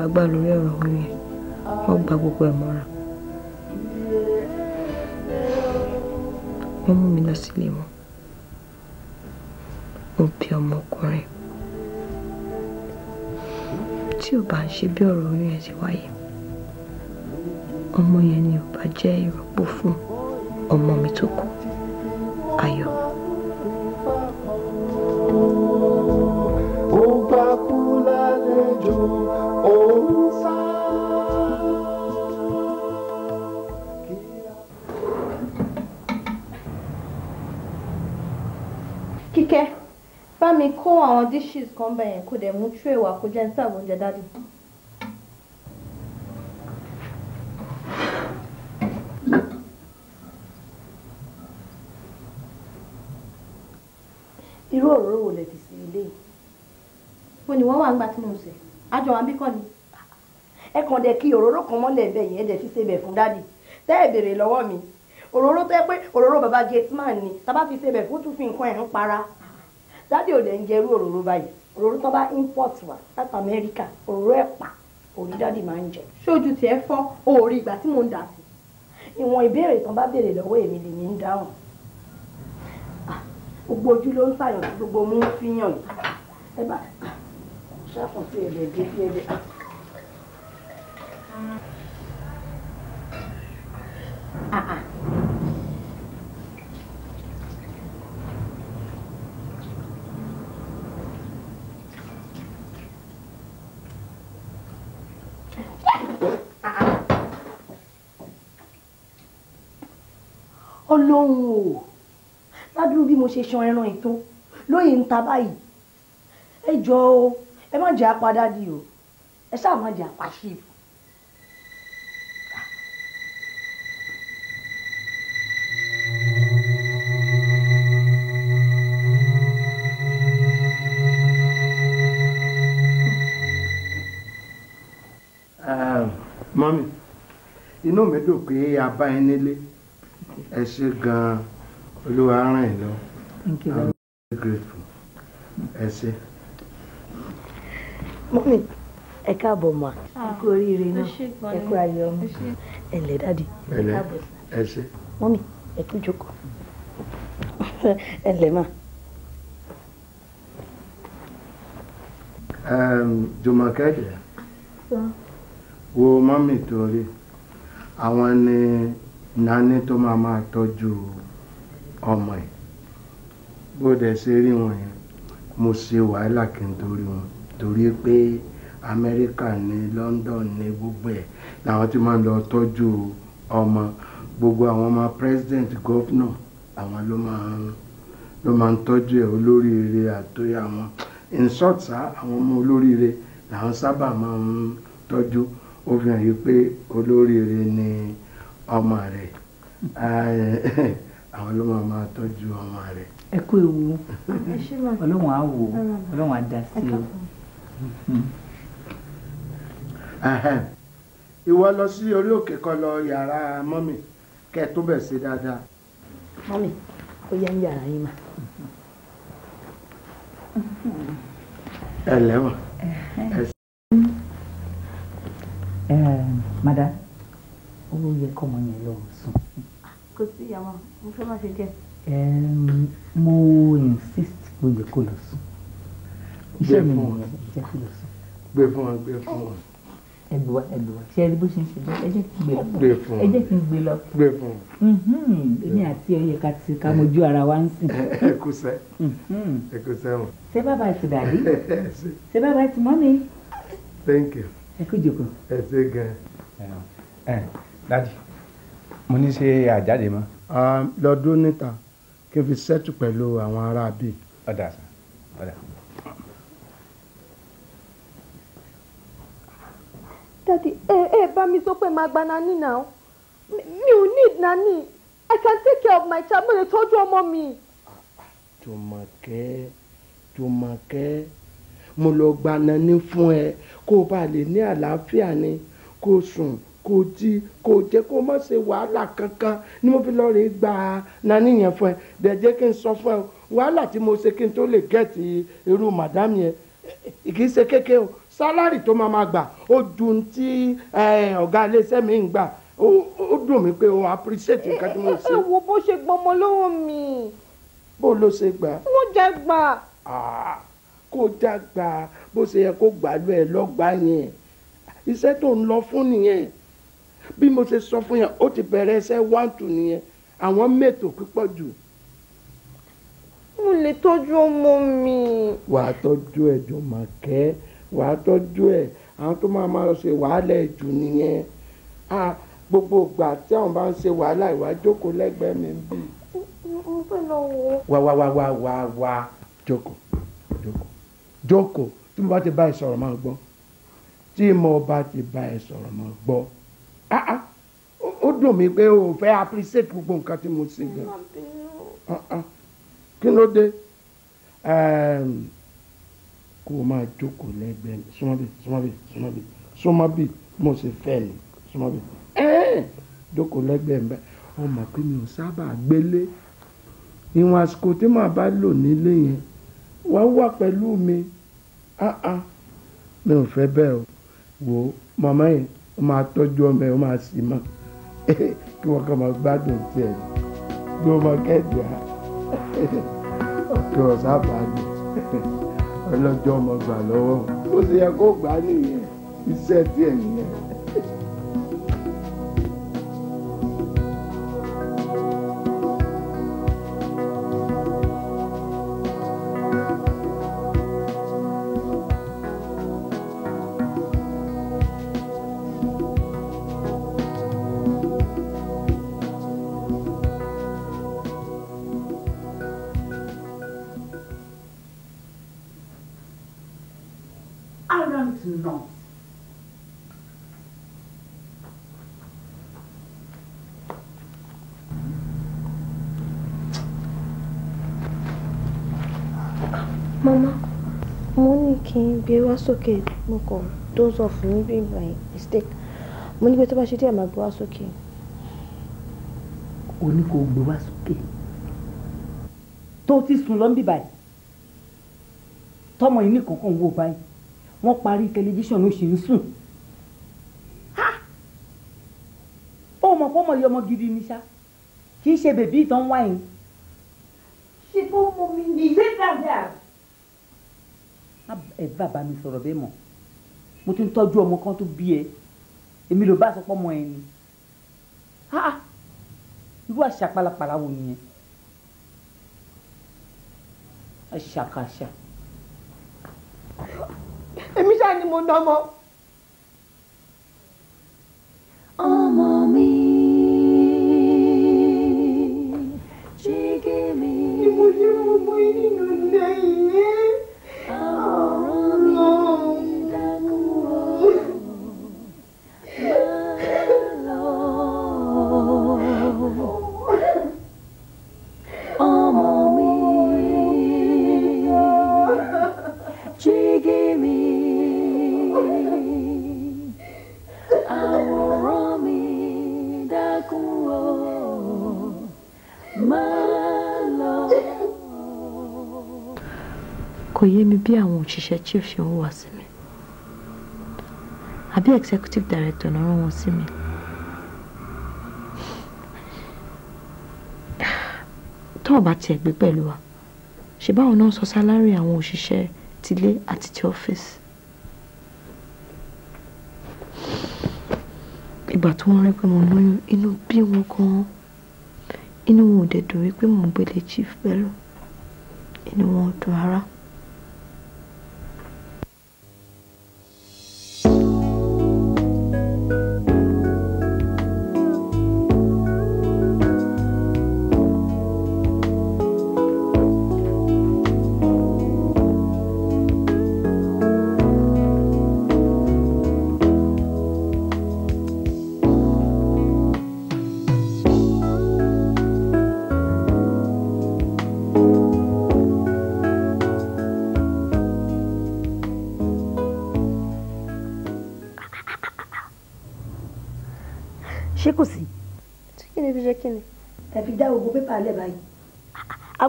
bá gbà lórí ọ̀rọ̀ wíwí wọ́n gba gbogbo ẹ̀ mọ́ra. wọ́n mú mi lọ sílé wọn mo ọmọkùnrin tí ò bá ń ṣe bí ọ̀rọ̀ Kike, bá mi kó àwọn dishes kan bẹ̀yẹn kó dẹ̀ mú tray wá kó jẹ́ ń sàbò oúnjẹ dáàdì. irú òróró wo lè fi sí ilé yìí bó ni wọ́n wà ń gbà tí mo ń sè ájọ wa ń bí kọ́ ni ẹ kàn dẹ̀ kí òróró kan mọ́lẹ̀ bẹ́ẹ̀ dẹ̀ fi ṣe bẹ̀ fún dáàdì tẹ́ ẹ béèrè lọ́wọ́ mi òróró tẹ́ pé òróró baba gateman ni tábà fi ṣe bẹ̀ fún tún fi nǹkan ẹ̀ ń para dáàdi ò dẹ̀ ń jẹrú òróró báyìí òróró tó bá import wá láti amẹ́ríkà òróró ẹ̀pà òrí dáàdi máa ń jẹ. ṣojú tiẹ̀ fọ́ òòrì ìgbà tí mò ń dà sí. ìwọ̀n ìbéèrè tán bá béèrè lọ́wọ́ èmi lèmi ń dáhùn. gbogbo ojú ló ń ṣàyàn tí gbogbo mú ń fíyàn yìí. ẹ bá ṣàfùn sí ọlọ́run o ládùúgbò bí mo ṣe ṣan ẹran ìtó lóye ń ta báyìí ẹ jọ o ẹ má jẹ́ apadà di o ẹ ṣáà má jẹ́ apàṣẹ. mọ́mí inú mi dùn pé a bá ẹ nílé ẹ ṣe gan-an olúwa ràn yín lọ thank you i'm very grateful ẹ ṣe. mọ́mí ẹ káàbọ̀ mà ẹ kú oríire náà ẹ kú ayọ̀ ọmọ ẹ lẹ̀ dáàdì ẹ káàbọ̀ ẹ ṣe. mọ́mí ẹ kú jókòó ẹ lẹ̀ mà. jùmọ̀kẹ́ wo mọ́mí torí àwọn ni nání tó máa máa tọ́jú ọmọ ẹ̀ bó dẹ̀ ṣe rí wọn yẹn mo ṣe wàhálà kí n torí wọn torí pé amẹ́ríkà ní London ní gbogbo ẹ̀ làwọn ti máa ń lọ tọ́jú ọmọ gbogbo àwọn ọmọ president governor àwọn ló máa ń ló máa ń tọ́jú ẹ̀ olóríire àtòyà àwọn in short sa àwọn ọmọ olóríire làwọn sábà máa ń tọ́jú ó fi hàn yí pé olóríire ni ọmọ rẹ àwọn ló máa máa tọ́jú ọmọ rẹ. ẹ kú ewu ọlọ́run á wò ọlọ́run á dá sí o. ìwọ lọ sí orí òkè kan lọ yàrá mọ́mì kẹ́ ẹ tó bẹ̀ ṣe dáadáa. mọ́mì ó yẹ ń yàrá yín mà. ẹ lẹ́wọ̀n. madam ó yẹ kọ́mọ yẹn lọ sùn. kò sí que mo fẹ́ má ṣe jẹ́. mo insist ó yẹ kó lọ sùn iṣẹ́ mi nìyẹn jẹ́ kó lọ sùn. gbé fún wa gbé fún wa. ẹgbẹ́ wa ẹgbẹ́ wa ṣe é bó ṣe ń ṣe jẹ́ ẹ jẹ́ kí n gbé lọ ẹ jẹ́ kí n gbé lọ. gbé fún wa. Mm-hmm. èmi àti ẹ yẹ ká ti ká mojú ara wa mm-hmm. thank you. ẹ kú jòkó. ẹ ṣe dadi mo ní ṣe àjáde mọ́. lọ́dún níta kí n fi ṣẹ́tù pẹ̀lú àwọn ará bíi. ọ̀dà sàn ọ̀dà. dadi ẹ ẹ bá mi sọ pé màá gba nani now mi ò need nani i can take care of my child mo lè tọ́jú ọmọ mi. jùmọ̀kẹ́ jùmọ̀kẹ́ mo lọ gba nani fún ẹ kó o bá lè ní àlàáfíà ni kó o sùn kò jí kò jẹ́ kó má ṣe wàhálà kankan ni mo fi lọ rè gba nání yẹn fún ẹ dẹ̀ jẹ́ kí n sọ fún ẹ wàhálà tí mo ṣe kí n tó lè gẹ̀ẹ́tì irú màdámù yẹn kì í ṣe kékeré o sálárì tó máa ma gbà ó ju ti eh, ọ̀gá iléeṣẹ́ mi ń gbà ó dùn mí pé o appreciate nǹkan tí mo ṣe. ẹ wo bó ṣe gbọmọ lọ́wọ́ mi. bó ló ṣe gbà. wọ́n jẹ́ gbà. kó dàgbà bó ṣe yẹ kó gbàlú ẹ lọ́gbàá yẹn iṣẹ́ tó ń lọ fún nìyẹn bí mo ṣe sọ fún yẹn ó ti bẹ̀rẹ̀ iṣẹ́ one two nìyẹn àwọn mẹ́tò pípọ̀ jù. mo lè tọ́jú ọmọ mi. wà á tọ́jú ẹ̀ Jọmọ̀kẹ́ wà á tọ́jú ẹ̀ àwọn tó máa máa ṣe wàhálà ẹ̀jù nìyẹn gbogbo ìgbà tí àwọn bá ń ṣe wàhálà ìwà jókòó lẹ́gbẹ̀ẹ́ mi bí. mo fẹ́ lọ wo. wá wá wá jókòó jókòó jókòó tí mo bá ti bá ẹ sọ̀rọ̀ máa gbọ́ tí mo bá ti bá ẹ sọ̀rọ̀ máa gbọ́. Ah, ah. ó dùn mí pé o fẹ́ appreciate gbogbo nǹkan tí mo ṣe gan ah, kí ló dé ehm, kó o máa jókòó lẹ́gbẹ̀ẹ́ mi súnmọ́bì súnmọ́bì súnmọ́bì súnmọ́bì mo sì fẹ́ ni súnmọ́bì jókòó lẹ́gbẹ̀ẹ́ mi ó mọ̀ pé mi ò sábà gbélé ìwọ̀n àsìkò tí màá bá lò nílé yẹn wàá wà pẹ̀lú mi mi ò fẹ́ bẹ́ẹ̀ o wò ó màmá yẹn ó máa tọ́jú ọmọ ẹ̀ ó máa sì mọ́ kí wọ́n kàn máa gbádùn tiẹ̀ bí ó máa kẹ́dùá kí wọ́n sábà ní ọlọ́jọ́ ọmọ gbà lọ́wọ́ bó ṣe yẹ kó gbà nìyẹn iṣẹ́ tiẹ̀ nìyẹn. non. Mama, mo ní kí n gbé wá sókè mo kàn doze off níbi by mistake. Mo ní pé tó bá ṣe díẹ̀ máa gbé wá sókè. O ní kó gbé wá sókè. Tó ti sùn lọ ń bì báyìí. Tọ́mọ yìí wọ́n parí tẹlifíṣàn ó sì ń sùn ha ọmọ pọ́mọ yìí ọmọ gidi ni ṣá kì í ṣe bèbí ìtàn wáyìn. ṣe kó mú mi ní ilé dáadáa. ẹ bàbá mi sọ̀rọ̀ bẹ́ẹ̀ mọ̀ mo ti ń tọ́jú ọmọ kan tó bí ẹ èmi ló bá sọ pọ́ ọmọ ẹ ni irú àṣà pálapàla wo nìyẹn àṣàkàṣà èmi ṣáà ni mo dánmọ́. ọmọ mi ṣígi mi. ìmọ̀ ìlera ọmọ yìí nínú. bí àwọn òṣìṣẹ́ chief ṣe ń wà sí mi àbí executive director náà rán wọn sí mi. tó o bá tiẹ̀ gbé pẹ̀lú wa ṣe báwọn náà sọ sálárì àwọn òṣìṣẹ́ tilé àti ti ọ́fíìsì. ìgbà tó wọ́n rí pé mo lóyún inú bí wọn gan-an inú wọn ò dẹ̀ dùn wípé mò ń gbélé chief pẹ̀lú inú wọn ò dùn rárá.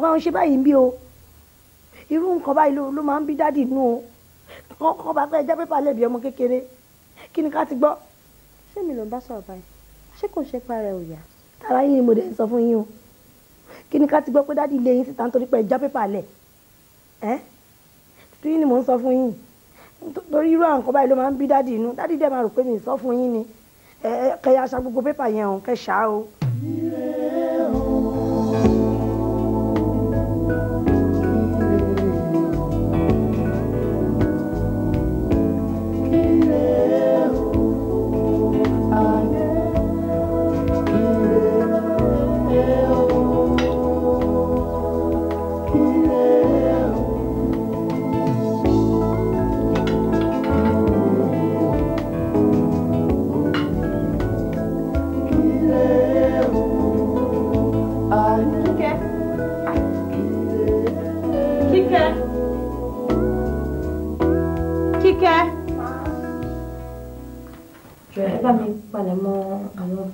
bàbá wọn ṣe báyìí ń bí o irú nǹkan báyìí ló máa ń bí dádì nù o kọ́ bá fẹ́ já pépà lẹ́bi ọmọ kékeré kí ni ká ti gbọ́. ṣé mi ló ń bá sọ̀rọ̀ báyìí ṣé kò ṣe pa rẹ̀ òyà. tara yín ni mo dẹ̀ sọ fún yín o kí ni ká ti gbọ́ pé dádì lé yín síta nítorí pé já pépà lẹ̀ ẹ́ tí ni mò ń sọ fún yín torí irú àwọn báyìí ló máa ń bí dádì inú dádì dẹ̀ máa rò pé mi ì sọ fún yín ni kẹ́yà aṣa gbogbo pépà yẹn ò kẹ́ ṣáá o.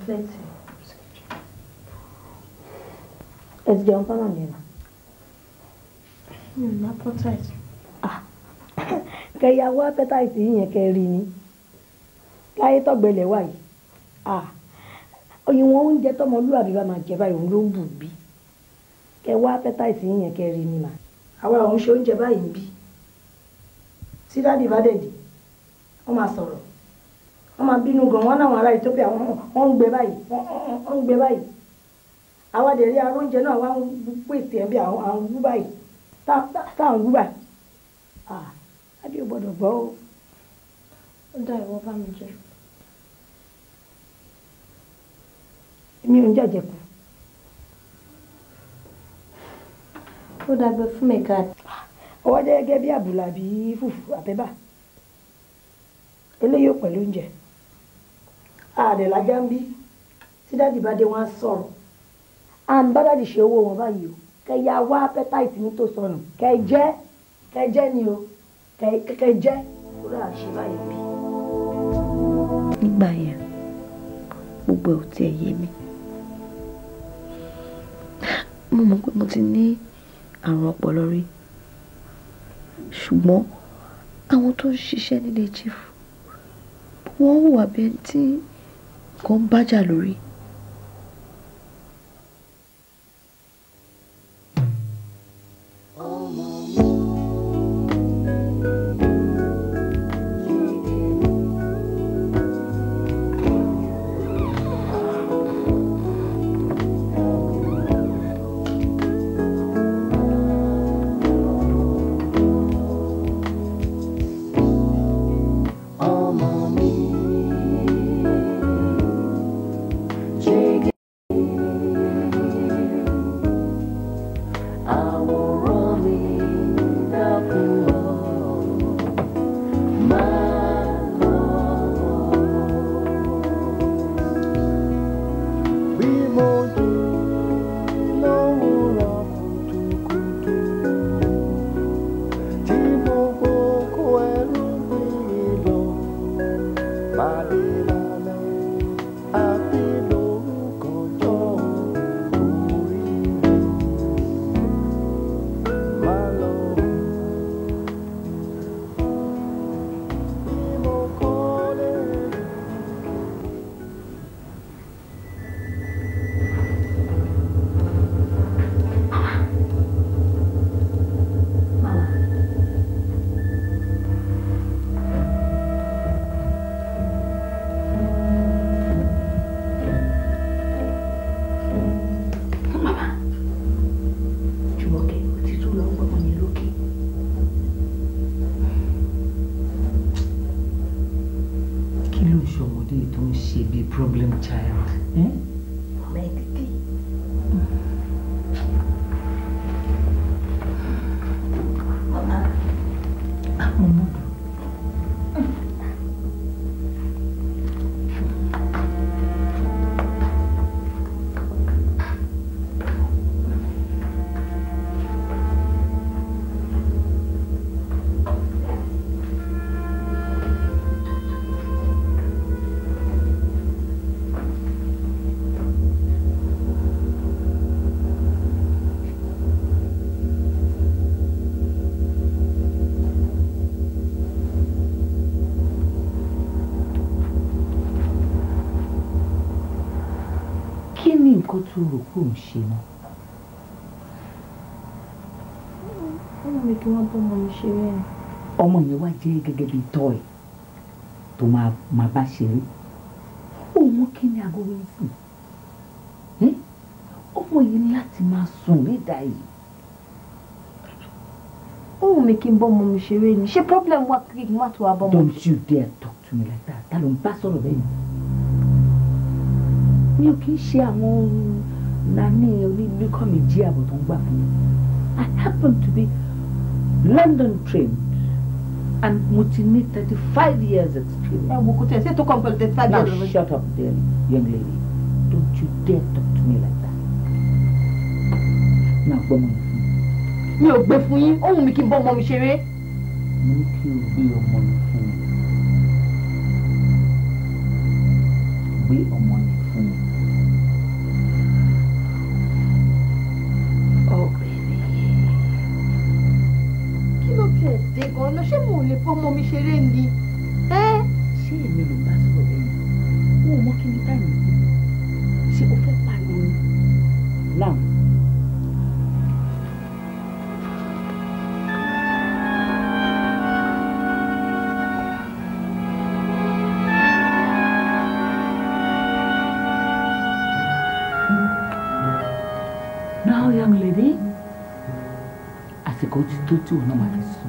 Translate. Ẹ̀sì jẹun pọ́nà mi nà. Mi ò ná appetite. Kẹ̀yàwó appetite yìí yẹn kẹ́ rí ni. Láyé tọ̀gbẹ́lẹ̀ wà yìí. Ìwọ̀n oúnjẹ tọmọlúwàbí bá máa jẹ báyìí òun ló ń bù bí. Kẹ̀wá appetite yìí yẹn kẹ́ rí ni mà. Àwa òun ṣe oúnjẹ báyìí ń bí. Tí dáàdì bá dẹ̀ dé, wọ́n máa wọ́n máa bínú gan wọ́n náwọn ará Ethiopia wọ́n ń gbé báyìí wọ́n ń gbé báyìí àwa dẹ̀ rí náà wá ń pèsè ẹ̀ bí wú báyìí tá à ń wú báyìí bá mi mi ò ń ààrẹ lájá ń bí tí dáàdì bá dé wọn á sọ̀rọ̀ and bá dáàdì ṣe owó wọn báyìí o kẹyà wá appetite ní tó sọnù kẹjẹ kẹjẹ ni o kẹkẹjẹ kó rà ṣe báyìí bí. nígbà yẹn gbogbo ẹ̀ ò tiẹ̀ yé mi mo mọ̀ pé mo ti ní àrùn ọpọlọ rí ṣùgbọ́n àwọn tó ń ṣiṣẹ́ nílé chief wọ́n hùwà bẹ́ẹ̀ tí kan bájà lórí tó rò pé òun ọmọ mi wá jẹ́ gẹ́gẹ́ bíi tọ́ tó máa bá ṣeré òun kí ni aago wí fún hm? ọmọ yìí láti máa sùn nídà yìí. ohun mi kí n bọ́ ọmọ mi ṣeré ni ṣé problem wà kí n má tó wa bọ́ ọmọ mi. don't you dare talk to me like that ta ló ń bá sọ̀rọ̀ bẹ́ẹ̀ ni mi ò kì í ṣe àwọn nani oníbíkọ́ méjì àbọ̀ tó ń gbà fún mi I happen to be London trained and mo ti ní thirty five years experience. ẹ wo kò tẹ̀ ṣé tó kàn pẹ̀lú thirty five years. now shut up there young lady don't you dare talk to me like that. náà gbọ́ mọ́ mi fún mi. mi ò gbé fún yín ohun mi kì í bọ́ ọmọ mi ṣeré. mo ní kí o gbé ọmọ mi fún mi. gbé ọmọ mi. dé gan lọ ṣé mo ò lè fọmọ mi ṣeré ni. ẹ ṣé èmi ló bá sọ̀rọ̀ lẹ́yìn mo ò mọ kí o fẹ́ pariwo ni young lady àsìkò ti tó tí òun náà máa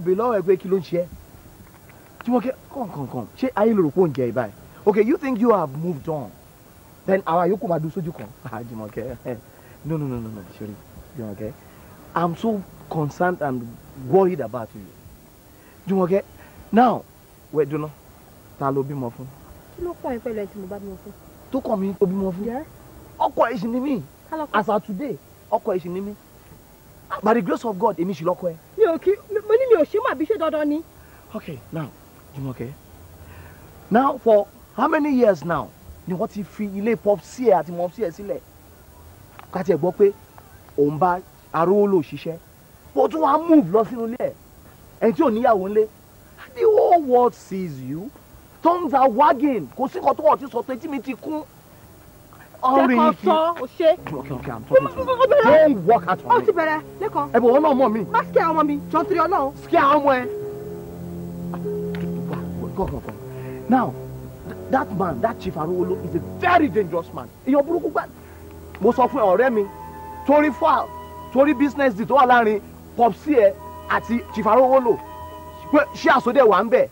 máa bè lọ́wọ́ ẹ pé kí ló ń ṣe ẹ́ tí wọ́n kẹ́ kọ̀ǹkọ̀ǹkọ̀ǹ ṣé ayé ló rò ń jẹ ìbáyìí okay you think you have moved on then àwa yòókù máa dùn sójú kan ah, Jùmọ̀kẹ́ no no no no no sorry Jùmọ̀kẹ́ i'm so concerned and worried about you Jùmọ̀kẹ́ now wẹ́ẹ́ dúná ta ló bímọ fún. kí ló kàn ẹ́ pẹ̀lú ẹ tí mo bá bímọ fún. tó kàn mí tó bímọ fún. ọkọ ẹ̀ as of today ọkọ ẹ̀ by the grace of God èmi sì lọ́kọ ẹ. mi ò kí mo ní mi ò ṣe mọ àbí ṣe dandan ni. okay now Jumoke now for how many years now ni wọ́n ti fi ilé popsi ẹ̀ àti mopsi ẹ̀ sílẹ̀ ká tiẹ̀ gbọ́ pé òun bá arówólò ṣiṣẹ́ bó tún wá move lọ sínú ilé ẹ̀ ẹni tí ò níyàwó ńlé the whole world sees you tongues are wagging kò sí nǹkan tó wọ̀ ti sọ pé tí mi ti kún ọ̀rẹ́ ìfi don't work out on me. ó ti bẹ̀rẹ̀ lẹ́kọ̀ọ́. ẹ bọ̀ wọ́n náà mọ̀ mi. má sikẹ́ ọmọ mi jọ nítorí ọlọ́run. sikẹ́ ọmọ ẹ. now that man that chief arowolo is a very dangerous man. èèyàn burúkú gbà. mo sọ fún ọ̀rẹ́ mi torí fowl torí business deal tó wà láàrin popsi ẹ àti chief arowolo pé ṣé àsọdẹ wà ń bẹ̀.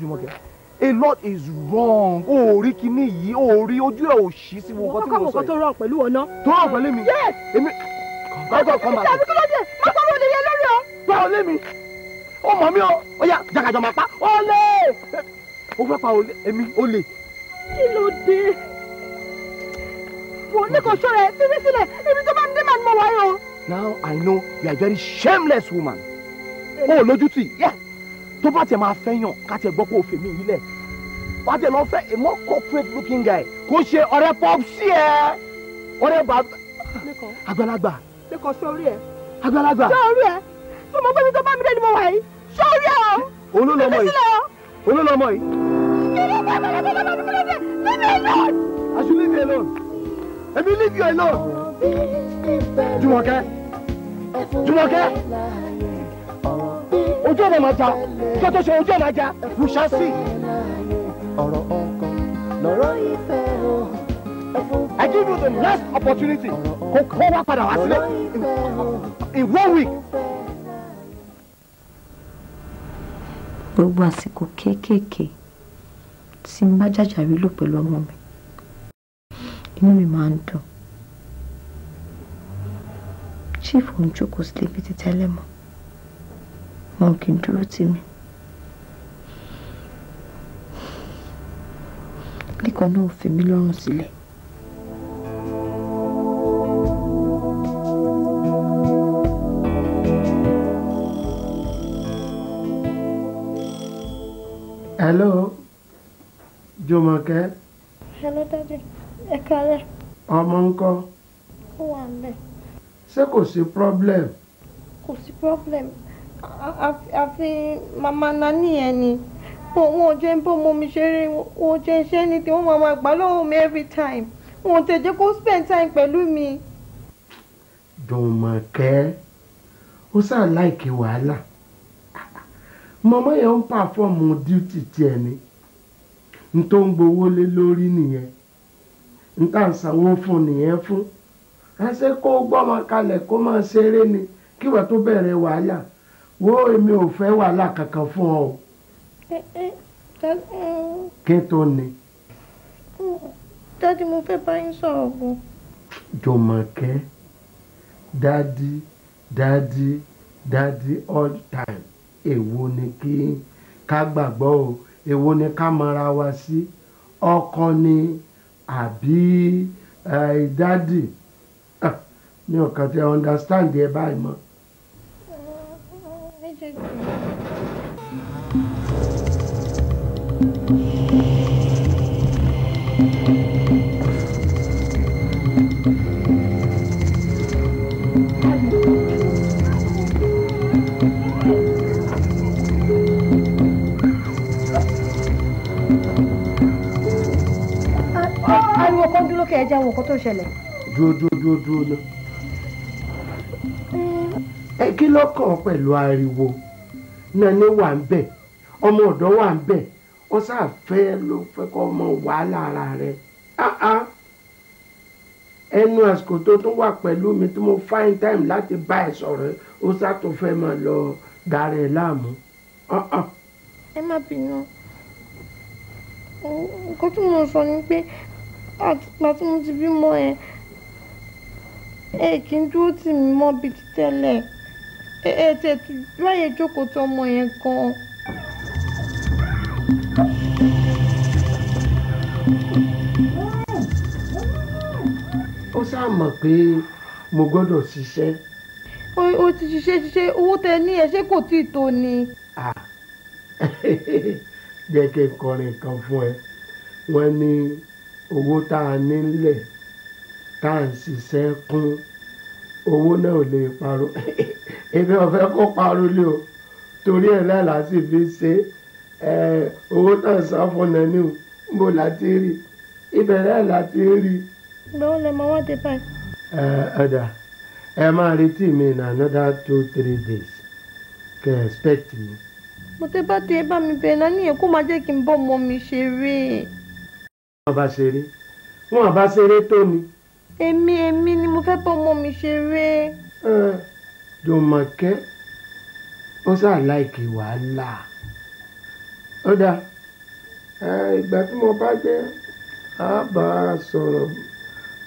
jùmọ̀kẹ́ a lot is wrong o rí kinní yìí o rí ojú ẹ ò ṣí sí gbogbo tí mo sọ yìí. mo kọ́ mọ̀ kó tó rọ̀ pẹ̀lú ọ tó rọ̀ pẹ̀lú mi. yes èmi. kọ́kọ́ kọ́ máa. àbí kí ló dé má pa olè yẹn lórí ọ. pa olè mi ó mọ̀ mí o ó yá jàgàjọ máa pa olè. ó fẹ́ pa olè èmi olè. kí ló dé. wò ó ní kò ṣọ́ra ẹ fi mí sílẹ̀ ibi tó bá ń dé màá mọ̀ wáyé o. now i know you are a very shameless woman. o lójútì tó bá tiẹ̀ máa fẹ́yàn ká tiẹ̀ gbọ́ pé òfin mi yìí lẹ̀ wàá tẹ̀ lọ fẹ́ a more corporate looking guy kò ṣe ọ̀rẹ́ pop sí ẹ ọ̀rẹ́ bàbá àgbàlagbà. lẹkọọ sọrí ẹ. àgbàlagbà. sọrí ẹ tó mọ pé mi tó bá mi dé ni mo wà yìí sọrí ẹ o. olólọmọ yìí olólọmọ yìí. I should leave you alone. I will leave you alone. Jùmọ̀kẹ́. Jùmọ̀kẹ́. Ojú ọ̀nà máa ja. Kí o tó ṣe ojú ọ̀nà ja. We shall see ọ̀rọ̀ ọkọ lọ́rọ̀ ìfẹ́ o. I give you the last opportunity kó kó wá padà wá sílẹ̀ in one week. gbogbo àsìkò kéékèèké tí n bá jàjàrí lò pẹ̀lú ọmọ mi inú mi máa ń dùn chief òun jókòó sílé bíi ti tẹ́lẹ̀ mọ́ wọn kì í dúró tì mí. nìkan náà fi mí lọ́rùn sílẹ̀. hello Jùmọ̀kẹ́. hello daddy ẹ kálẹ̀. ọmọ ńkọ́. ó wà ń bẹ̀. ṣé kò sí problem. kò sí problem àfi màmá nani yẹn ni. wọn wọn jẹ́ ń bọ́mọ mi ṣeré wọn jẹ́ ń ṣe anything wọn máa máa gbà lọ́wọ́ mi every time wọn tẹ̀ jẹ́ kó spend time pẹ̀lú mi. Jùmọ̀kẹ́ ó sáà láìkí wàhálà mọ̀mọ́ yẹn ń pàfọ́ọ̀mù díútì tiẹ̀ ni n tó ń gbowó lé lórí nìyẹn n tà ń sanwó fún nìyẹn fún àṣẹ kó gbọmọ kalẹ kó máa ṣeré ni kíwà tó bẹ̀rẹ̀ wàhálà wo èmi ò fẹ́ wàhálà kankan fún kí n tó ni. dádì mo fẹ́ Don't yín Daddy, daddy, daddy, all the time èwo ni kí ká gbàgbọ́ o èwo ni ká mọra wa sí ọkọ ni àbí eh, dádì ah, mi ò kàn understand ẹ báyìí mọ́ tó ṣẹlẹ̀. dúró dúró dúró dúró ná. ẹ kí ló kàn pẹ̀lú ariwo náà ní wà ń bẹ̀ ọmọ ọ̀dọ́ wà ń bẹ̀ ó ṣàfẹ́ ló fẹ́ kọ́ ọmọ wàhálà ara rẹ̀ ẹnu àsìkò tó tún wà pẹ̀lú mi tí mo find time láti bá ẹ sọ̀rọ̀ ó ṣàtò fẹ́ máa lọ dára ẹ láàmú. ẹ má bínú nǹkan tí mo sọ ni pé àtìpá tí mo ti bímọ ẹ ẹ kì í dúró tì mí mọ́ bíi ti tẹ́lẹ̀ ẹ ẹ tẹ̀ tún láyé jókòó tó ọmọ yẹn gan-an. ó ṣáà mọ̀ pé mo gbọ́dọ̀ ṣiṣẹ́. o ti ṣiṣẹ́ ṣiṣẹ́ owó tẹ ní ẹ ṣé kò tí ì tó ni. jẹ́ kí n kọrin kan fún ẹ wọ́n ní owó tá a nílẹ̀ tá à ń ṣiṣẹ́ kún owó náà ò lè parọ́ ebi ọ̀fẹ́ kó parọ́ lé o torí ẹ̀ náà láti fi ṣe owó tá à ń sá fún nani o ń bò láti rí ibẹ̀ náà láti rí lọ́wọ́ lẹ máa wá dé báyìí. ọ̀dà ẹ máa retí mi in another two three days kẹ ẹ expect mi. mo tẹ́ bá dé bá mi bẹ̀rẹ̀ náà nìyẹn kó máa jẹ́ kí n bọ́ ọmọ mi ṣeré. wọn bá ṣeré wọn bá ṣeré tó ni. èmi èmi ni mo fẹ́ bọ́ ọmọ mi ṣeré. ẹ jọmọkẹ́ ó ṣáà láìkè wàhálà ó ìgbà tí mo bá dé a sọ̀rọ̀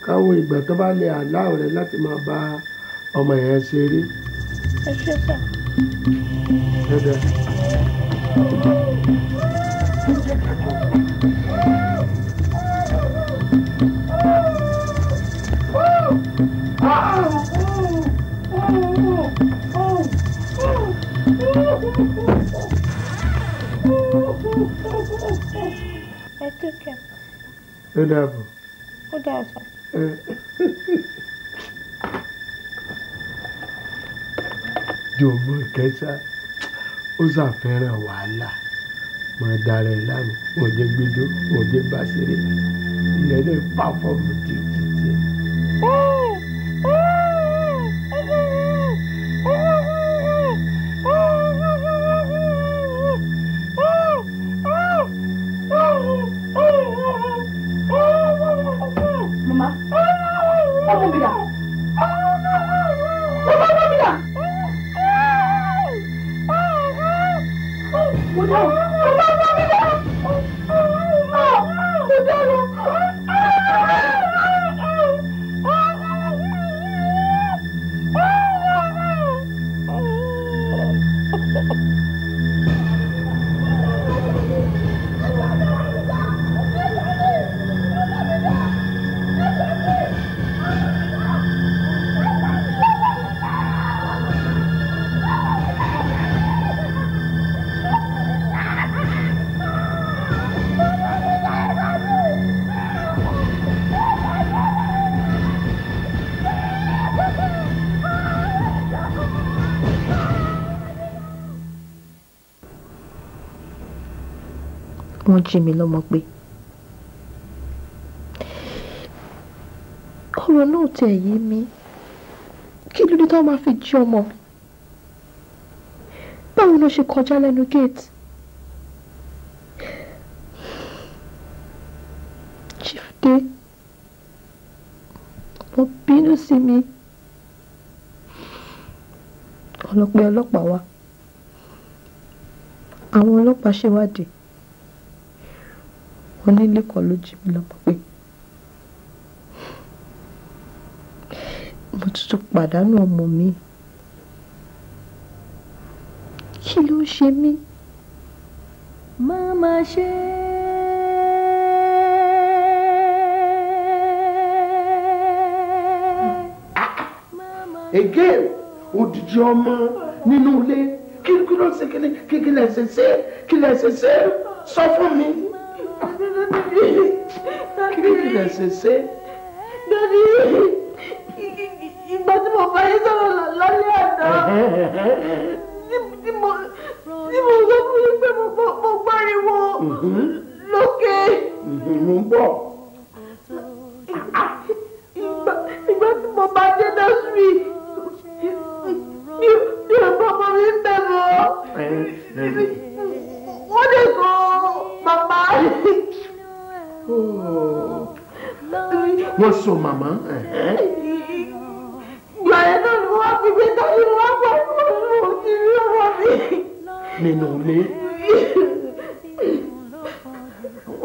káwọ ìgbà tó bá lè aláwọ rẹ láti máa bá ọmọ yẹn ṣeré. ẹ ṣe sà. dáadáa. Ẹ tún kẹ́. Ó dàbọ̀. Ó dàbọ̀. jòmọ kẹta ó ṣàfẹ́ràn wàhálà mọ dára ẹ láàmú wọn jẹ gbẹdọ wọn jẹ bá ṣeré ilẹ̀ náà pàfọ́ọ̀mù títí 哦。wọ́n jí mi lọ́mọ gbé. ọ̀rọ̀ náà tẹ̀ yé mi kí ló dé táwọn máa fi jí ọmọ báwo ló ṣe kọjá lẹ́nu gate chief dé mo bínú sí mi ọlọ́pẹ́ ọlọ́pàá wa àwọn ọlọ́pàá ṣèwádìí ọláìlé kan ló jí mi lọ́mọ pé mo tuntun pàdánù ọmọ mi kí ló ṣe mí má má ṣe é. again odidi ọmọ nínú ilé kí kí ló ṣe kí lè ṣe ṣe kí lè ṣe ṣe sọ fún mi kí ni ìdílé ṣe ṣe. dadi ìgbà tí mo bá yín sọ̀rọ̀ lálẹ́ àná tí mo sọ fún yín pé mo pariwo mm-hmm. lókè. Mm-hmm. mo ń bọ̀. wọ́n so màmá. Gbàrẹ́ náà ni wọ́n fi gbé tọ́jú wọn pọ̀ fún òtí lọ́wọ́ mi. Nínú ilé.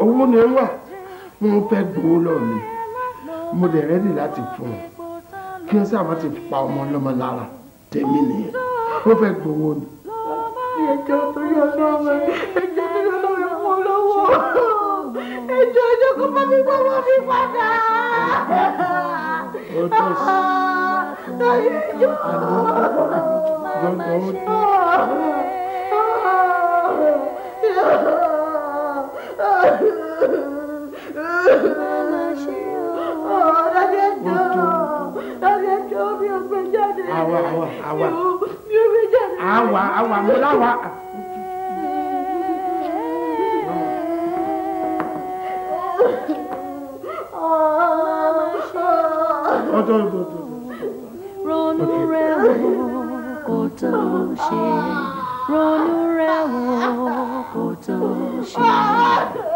Owó ni ó wà, wọ́n fẹ́ gbowó lọ mi. Mo dẹ̀ rẹ́dì láti fún ọ. Kí wọ́n sábà ti pa ọmọ ọlọ́mọ lára tèmi nìyẹn. Ó fẹ́ gbowó ni. Ẹjọ́ torí ọlọ́mọ, ẹjọ́ torí ọlọ́mọ lọ́wọ́ ìjọ ìjọ kó bá mi pada. wọ́n mi padà. ó tó sí. ayé ìjọ. àná jọjọ ó. ronú rẹ wò kó tó ṣe ronú rẹ wò kó tó ṣe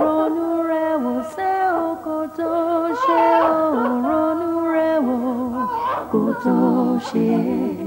ronú rẹ wò ṣe o kó tó ṣe o ronú rẹ wò kó tó ṣe.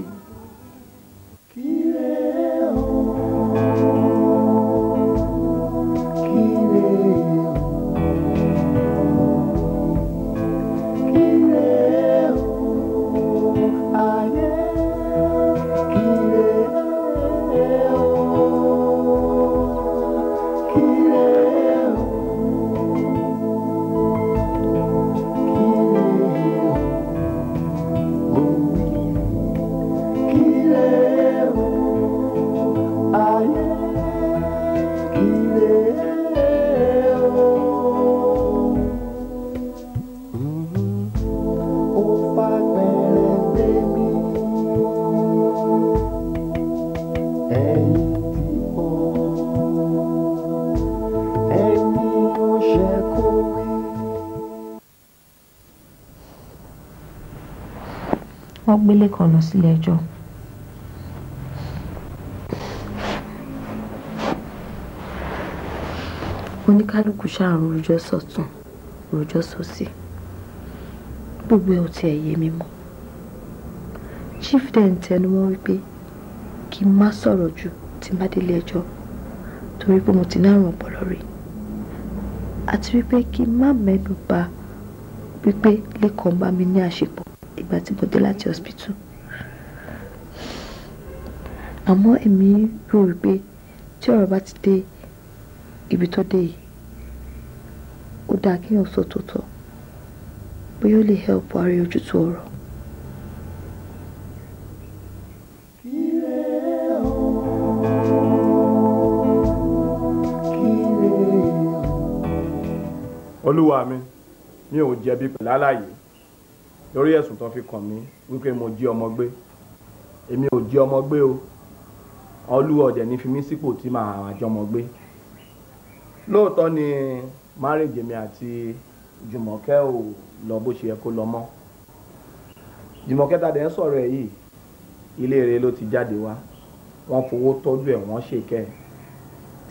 gbélé kan lọ sílé ẹjọ́. oníkálukú ṣáà ń rojọ́ sọ̀tún rojọ́ sósì gbogbo ẹ̀ ò tiẹ̀ yé mi mọ́ chief den tẹnu mọ́ wípé kí n má sọ̀rọ̀ jù tí n bá délé ẹjọ́ torí pé mo ti ní àrùn ọpọlọ rí àti wípé kí n má mẹ́nu bà wípé lẹ́kọ̀ọ́ bá mi ní àṣepọ̀ ìgbà tí mo dé láti hospital àmọ́ èmi rò wípé tí ọ̀rọ̀ bá ti dé ibi tó dé ó dáa kéèyàn sọ tòótọ́ bóyá ó lè help ààrẹ ojútùú ọ̀rọ̀. olúwa mi mi ò jẹ̀bi pẹ̀lú aláyé lórí ẹ̀sùn tó fi kàn mí wípé mo jí ọmọ gbé èmi ò jí ọmọ gbé o Olúwa ọ̀dẹ̀ ní fi mí sípò tí màá jọmọ gbé lóòótọ́ ni márèjì mi àti Jùmọ̀kẹ́ ò lọ bó ṣe yẹ kó lọ mọ́ Jùmọ̀kẹ́ tàdé ń sọ̀rọ̀ ẹ̀ yìí ilé rẹ̀ ló ti jáde wá wọ́n fowó tọ́jú ẹ̀ wọ́n ṣèkẹ́ ẹ̀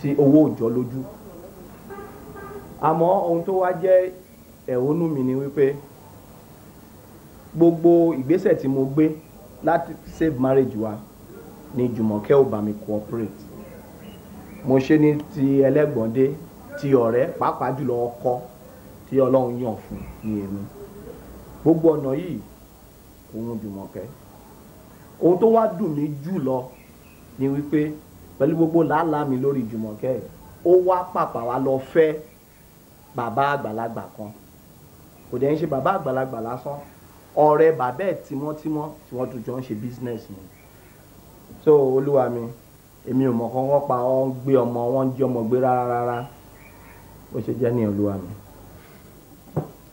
tí owó òjọ́ lójú àmọ́ ohun tó wá jẹ́ ẹ̀hónú mi ni wípé gbogbo ìgbésẹ̀ tí mo gbé láti save marriage wa ni Jùmọ̀kẹ́ ò bá mi cooperate mo ṣe ní ti ẹlẹ́gbọ̀ndé ti ọ̀rẹ́ pàápàá jùlọ ọkọ tí Ọlọ́run yàn fún ní èmi gbogbo ọ̀nà yìí òun Jùmọ̀kẹ́ ohun tó wá dùn mí jù ni wípé pẹ̀lú gbogbo làálàá mi lórí Jùmọ̀kẹ́ ó wá pàpà wá lọ fẹ́ bàbá àgbàlagbà kan kò dẹ̀ ń ṣe bàbá àgbàlagbà lásán ọ̀rẹ́ bàbá ẹ̀ tímọ́tímọ́ tí wọ́n tún jọ ń ṣe business ni so olúwa mi èmi ò mọ̀ kán wọ́n pa wọ́n ń gbé ọmọ wọ́n ń jí ọmọ gbé rárá rárá bó ṣe jẹ́ ní olúwa mi.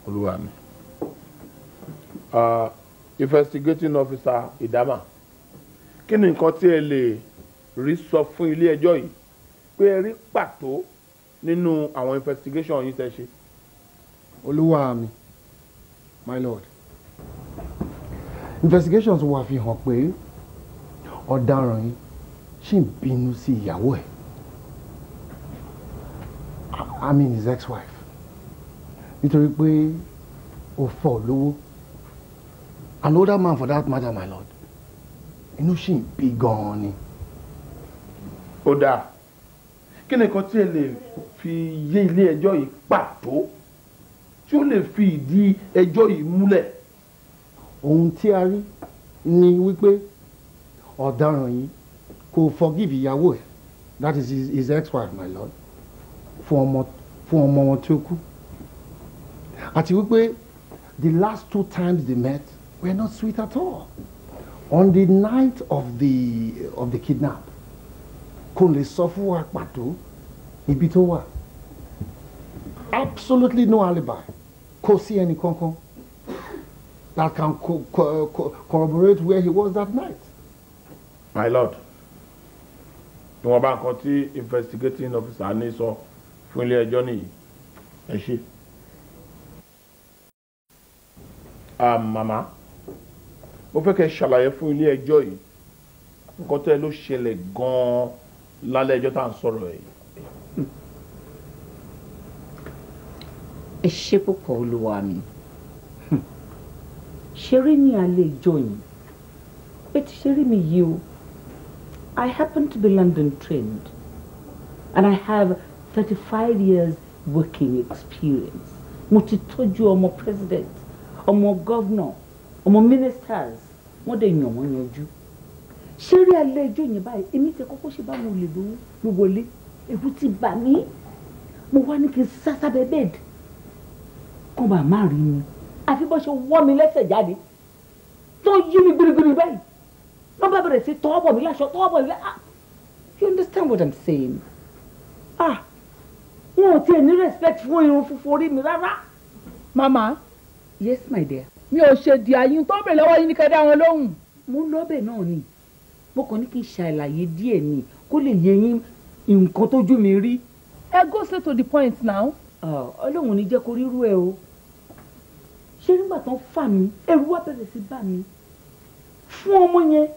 olúwa mi investigating officer idama kí ni nǹkan tí ẹ lè rí sọ fún ilé ẹjọ́ yìí pé ẹ rí pàtó nínú àwọn investigation yìí tẹ́ ṣe. olúwa mi my lord investigations wa fi hàn pé ọ̀daràn yìí ṣì ń bínú sí ìyàwó ẹ̀ I mean his ex-wife nítorí pé ó fọ́ ọ lówó an older man for that matter my lord inú ṣì ń bí gan-an ni. ó dáa kí ni nǹkan tí ẹ lè fi yé ilé ẹjọ́ yìí pàtó tí ó lè fi ìdí ẹjọ́ yìí múlẹ̀ ohun tí a rí ni wípé ọ̀daràn yìí kò forgive ìyàwó ẹ̀ that is his, his ex-wife my lord fún ọmọ fún ọmọ wọn tí ó kú àti wípé the last two times they met were not sweet at all on the night of the of the kidnap kò lè sọ fún wa pàtó ibi tó wà absolutely no alibi kò sí ẹnì kankan that can co co co corroborate where he was that night. my lord ìwọ̀nba nǹkan tí investigating officer ní sọ fún ilé ẹjọ́ nìyí ẹ ṣe. Ah, màmá mo fẹ́ kẹ́ ṣàlàyé fún ilé ẹjọ́ yìí nǹkan tẹ́ ló ṣẹlẹ̀ gan-an lálẹ́ ẹjọ́ tá à ń sọ̀rọ̀ ẹ̀. ẹ ṣe púpọ̀ olúwa mi ṣeré ní alẹ́ ìjọ yìí pé ti ṣeré mi yìí o I happen to be London trained and I have thirty five years working experience mo ti tọ́jú ọmọ president ọmọ governor ọmọ ministers wọ́n dẹ̀ yàn wọ́n yanjú ṣeré alẹ́ ìjọ yẹn báyìí èmi ti kọ́kọ́ ṣe báwọn olè lówó ló wọlé èkú ti bà mí mo wá ní kí n sá sábẹ́ bẹ́ẹ̀dì kó bàa má rí mi àfi bó ṣe wọ́ mi lẹ́sẹ̀ jáde tó yí mi gbirigbiri báyìí ló bá bẹ̀rẹ̀ sí tọ́wọ́ bọ̀ mí láṣọ tọ́wọ́ bọ̀ mí láṣọ ah you understand what I'm saying ah wọn ò tiẹ̀ ní respect fún irun funfun orí mi rárá. mama yes my dear. mi ò ṣe di àyín tó bèrè lọ́wọ́ yín ní kẹ́dá wọn lóhùn. mo ń lọ́bẹ̀ náà ni mo kàn ní kí n ṣàlàyé díẹ̀ ni kó lè yé yín nǹkan tójú mi rí. ẹ go straight to the point now. Ah, ọlọ́run ò ní jẹ́ kó rírú ẹ o ṣé nígbà tó ń fà mí ẹ̀rù wá bẹ̀rẹ̀ sí bà mí fún ọmọ yẹn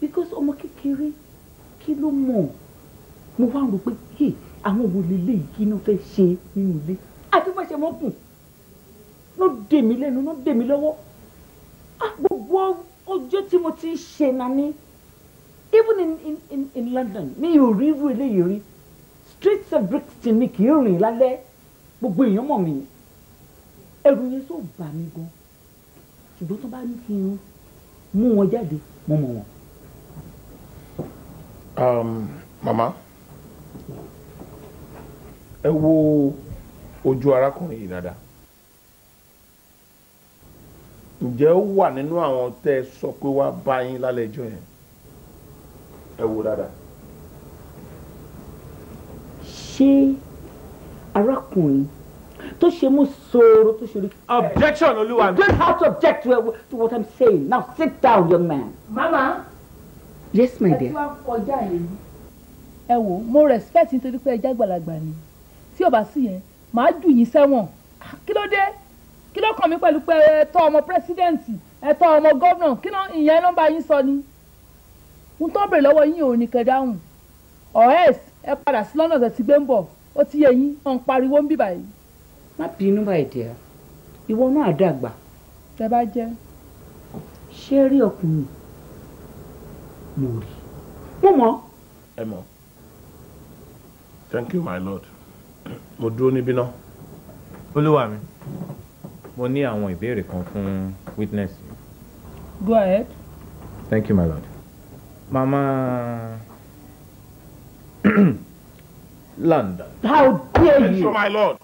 because ọmọ kékeré kí ló mọ̀ mo wá rò pé hey àwọn wo leléyìí kí ló fẹ́ ṣe nínú ilé àti bó ṣe mọ́ kù ló dè mí lẹ́nu ló dè mí lọ́wọ́ gbogbo ọjọ́ tí mo ti ṣe nani even in in in in London mi ò rí irú eléyìí rí streets of Brixton ni kì í rìn lálẹ́ gbogbo èèyàn mọ̀ mí ẹrù yẹn tó bà mí gan ṣùgbọ́n tó bá ní kí n mú wọn jáde mo mọ̀ wọn. Um, màmá ẹ wo ojú arákùnrin yìí dáadáa ǹjẹ́ ó wà nínú àwọn tẹ́ ẹ sọ pé wá bá yín lálẹ́jọ́ yẹn ẹ wo dáadáa. ṣé arákùnrin tó ṣe mú sòrò tó ṣe rí. objection olúwa mi. you don't have to object to, to what i'm saying now sit down young man. mama. yes my dear. ẹ ti wá kọjá yìí. ẹ wo mo respect nítorí pé ẹ jẹ́ àgbàlagbà ni tí ò bá sí yẹn màá jù yín sẹ́wọ̀n kí ló dé kí ló kàn mí pẹ̀lú pé ẹ tọ́ ọmọ pírẹsidẹ́ǹtì ẹ tọ́ ọmọ gọ́vnà kí ló ìyẹn ló yín sọ ni n tó bèrè lọ́wọ́ yín ò ní kẹ́ dáhùn ọ̀hẹ́s ẹ padà sí lọ́nà tẹ̀ ti gbé ń bọ̀ ó ti yẹ yín wọn pariwo ń bíbà yìí má bínú my dear ìwọ náà dàgbà tẹ bá jẹ ṣé rí ọkùnrin mo rí mo mọ. ẹ mọ thank you my lord mo dúró níbí náà. olúwa mi mo ní àwọn ìbéèrè kan fún witness. go ahead. thank you my lord. mama. London. How dare you? Yes, my lord.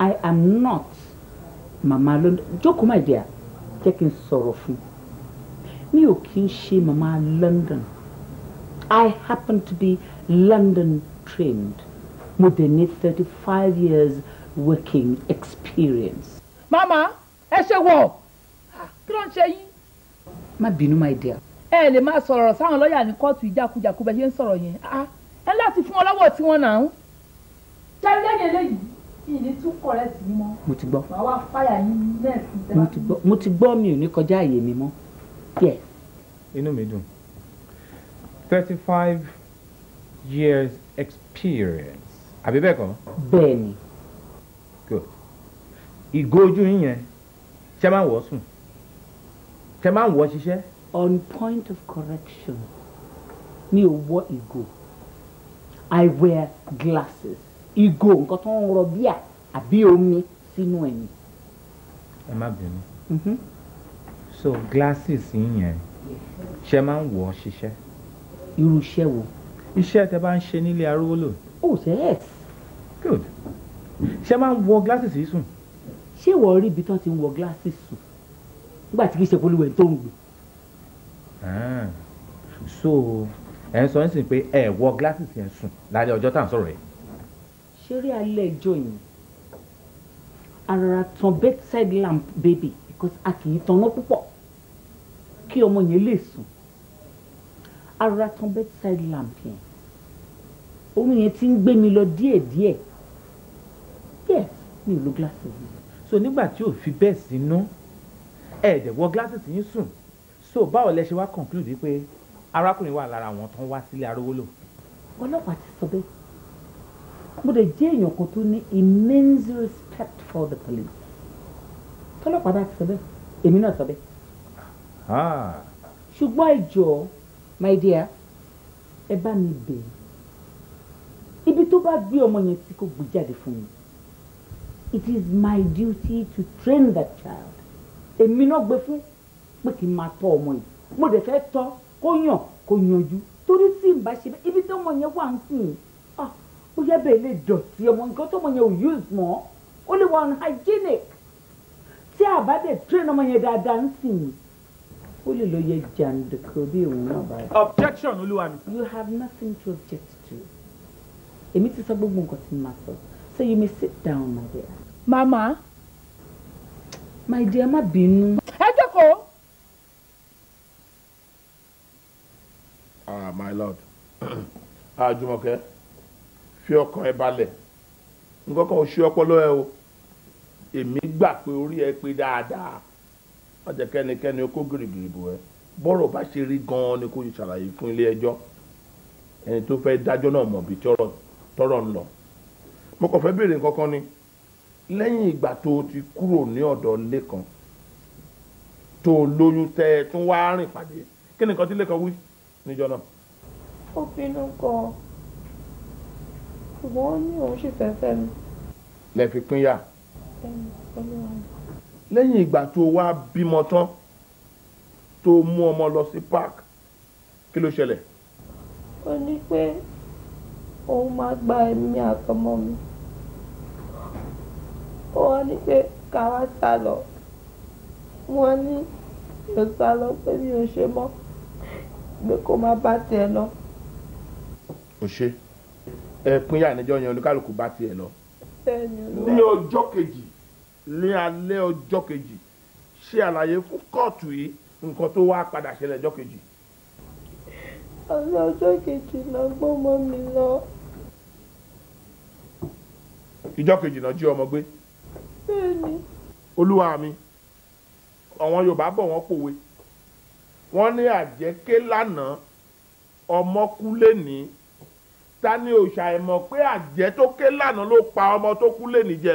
I am not màmá London jókòó my dear jẹ́ kí n sọ̀rọ̀ fún mi ò kí ṣe màmá London I happen to be London trained mo dẹ̀ ní thirty five years working experience. mama ẹ ṣe wọ kí ló ń ṣe yín. má bínú my dear. ẹ lè máa sọ̀rọ̀ sáwọn lọ́ọ̀yà ní kóòtù ìjákujàku bẹ́ẹ̀ ṣe ń sọ̀rọ̀ yẹn ah, ẹ láti fún ọ lọ́wọ́ tí wọ́n nà án. ṣe é lẹ́yìn eléyìí ìní tún correct mi mọ́. mo ti gbọ́. màá wá fáyà yín nẹ́ẹ̀sì tẹ́lá. mo ti gbọ́ mo ti gbọ́ mi ò ní kọjá àyè mi mọ́. yes. inú mi dùn thirty five years experience àbí bẹ́ẹ̀ kọ́. bẹ́ẹ̀ ni. good ìgò ojú yín yẹn ṣe máa ń wọ̀ sùn ṣe máa ń wọ̀ ṣiṣẹ́. on point of correction mi ò wọ ìgò I wear glasses ìgò nǹkan tó ń rọ bíà àbí omi sínú ẹ̀ ẹ má bínú mm-hmm. so glasses yẹn ṣe máa ń wọ̀ ọ́ ṣiṣẹ́. irú iṣẹ́ wo. iṣẹ́ tẹ bá ń ṣe nílé arúgbó oh yes. good ṣe máa ń wọ̀ glasses yìí sùn. ṣé ìwọ rí ibi tó ti ń wọ̀ glasses sùn nígbà tí kì í ṣe polówó ẹ̀ tó ń gbé. Ah. so ẹ̀ ń sọ ẹ́ sìn pé ẹ̀ wọ̀ glasses yẹn sùn lálẹ́ ọjọ́ tá à ń sọ̀rọ̀ yìí ṣé rí alẹ́ ẹjọ́ yìí ara tan bedside lamp baby because a kì í tanná púpọ̀ kí ọmọ yẹn lè sùn ara tan bedside lamp yẹn oorun yẹn ti ń gbé mi lọ díẹ̀díẹ̀ díẹ̀ mi ò lo glasses mi. so nígbà tí ò fi bẹ́ẹ̀ sínú ẹ̀ẹ́dẹ̀ wọ glasses yín sùn so báwo lẹ ṣe wá conclude pé arákùnrin wà lára àwọn tó ń wá sílé arówó lò. ọlọ́pàá ti sọ bẹ́ẹ̀ mo dẹ̀ jẹ́ èèyàn kan tó ní immense respect for the police tọ́lọ́pàá bá ti sọ bẹ́ẹ̀ èmi náà sọ bẹ́ẹ̀. ṣùgbọ́n ìjọ my dear ẹ bá mi bẹ̀ ibi tó bá gbé ọmọ yẹn tí kò gbé jáde fún mi it is my duty to train that child èmi náà gbé fún pé kí n máa tọ́ ọmọ yìí mo dẹ̀ fẹ́ tọ́ kó yàn kó yanjú torí tí n bá ṣe bẹ́ẹ̀ ibi tí ọmọ yẹn wà ń sìn ah bóyá bẹ́ẹ̀ lè dọ̀tí ọmọ nǹkan tó ọmọ yẹn ò use mọ́ ó lè wà unhygienic tí a bá train ọmọ yẹn dáadáa ń sìn ó lè lọ yẹ jàǹdùkú bí òun náà bá yẹ. objection olúwa mi. you have nothing to object to èmi ti sọ gbogbo nǹkan tí màá sọ so you may sit down my dear. mama. my dear má bínú. ẹ jókòó. ah my lord ah Jùmọ̀kẹ́. Okay fi ọkàn ẹ balẹ̀ nǹkan kan ò ṣe ọpọlọ ẹ o èmi gbà pé orí ẹ pé dáadáa má jẹ́ kẹ́nikẹ́ni kó gìrìgìrì bò ẹ bọ́rọ̀ bá ṣe rí gan-an ni kó ṣàlàyé fún ilé ẹjọ́ ẹni tó fẹ́ dájọ́ náà mọ̀ bí tọ́rọ̀ ń lọ mo kàn fẹ́ béèrè nǹkan kan ni lẹ́yìn ìgbà tó o ti kúrò ní ọ̀dọ̀ Lẹ́kan tó o lóyún tẹ́ ẹ tún wá rìn pàdé kí ni tí Lẹ́kan wí níjọ́ náà. ó bínú gan-an ṣùgbọ́n ó ní òun sì fẹ́ fẹ́ mi. lẹ fi pínyà. lẹ́yìn ìgbà tó o wá bímọ tán tó o mú ọmọ lọ sí park kí ló ṣẹlẹ̀. ó ní pé òun máa gba ẹ̀mí àtọmọ mi ó wá ní pé ká wá sá lọ wọ́n ní yóò sá lọ pé mi ò ṣe mọ́ pé kó má bá tiẹ̀ lọ. o ṣe ẹ̀pínyà níjọ́ yẹn olúkálùkù bá tiẹ̀ lọ. ní ọjọ́ kejì ní alẹ́ ọjọ́ kejì ṣe àlàyé fún kóòtù yìí nǹkan tó wá padà ṣẹlẹ̀ ọjọ́ kejì. alẹ́ ọjọ́ kejì lọ gbọ́ ọmọ mi lọ. ìjọ́ kejì náà jí ọmọ gbé. bẹ́ẹ̀ni. olúwa mi àwọn yorùbá bọ̀ wọ́n pòwe wọ́n ní àjẹ́ké lánàá ọmọ kú lé ta ni ò ṣàìmọ̀ pé àjẹ́ tó ké lànà ló pa ọmọ tó kú lè níjẹ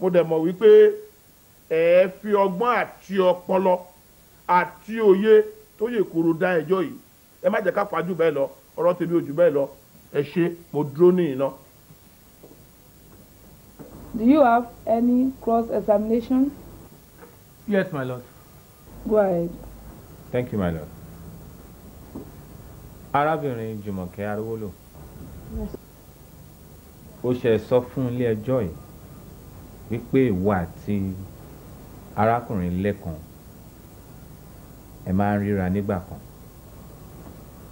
mo dẹ̀ mọ̀ wípé ẹ fi ọgbọ́n àti ọpọlọ àti òye tó yè koro dá ẹjọ́ yìí ẹ má jẹ́ ká pàjù bẹ́ẹ̀ lọ ọ̀rọ̀ tèmi ò jù bẹ́ẹ̀ lọ ẹ ṣe mo dúró ní ìná. Do you have any cross-examination? Yes, my lord. Go ahead. Thank you, my lord arábìnrin jùmọ̀kẹ́ arówólò ó ṣe sọ fún ilé-ẹjọ́ yìí wípé ìwọ àti arákùnrin lẹ́kan ẹ máa ń ríra nígbà kan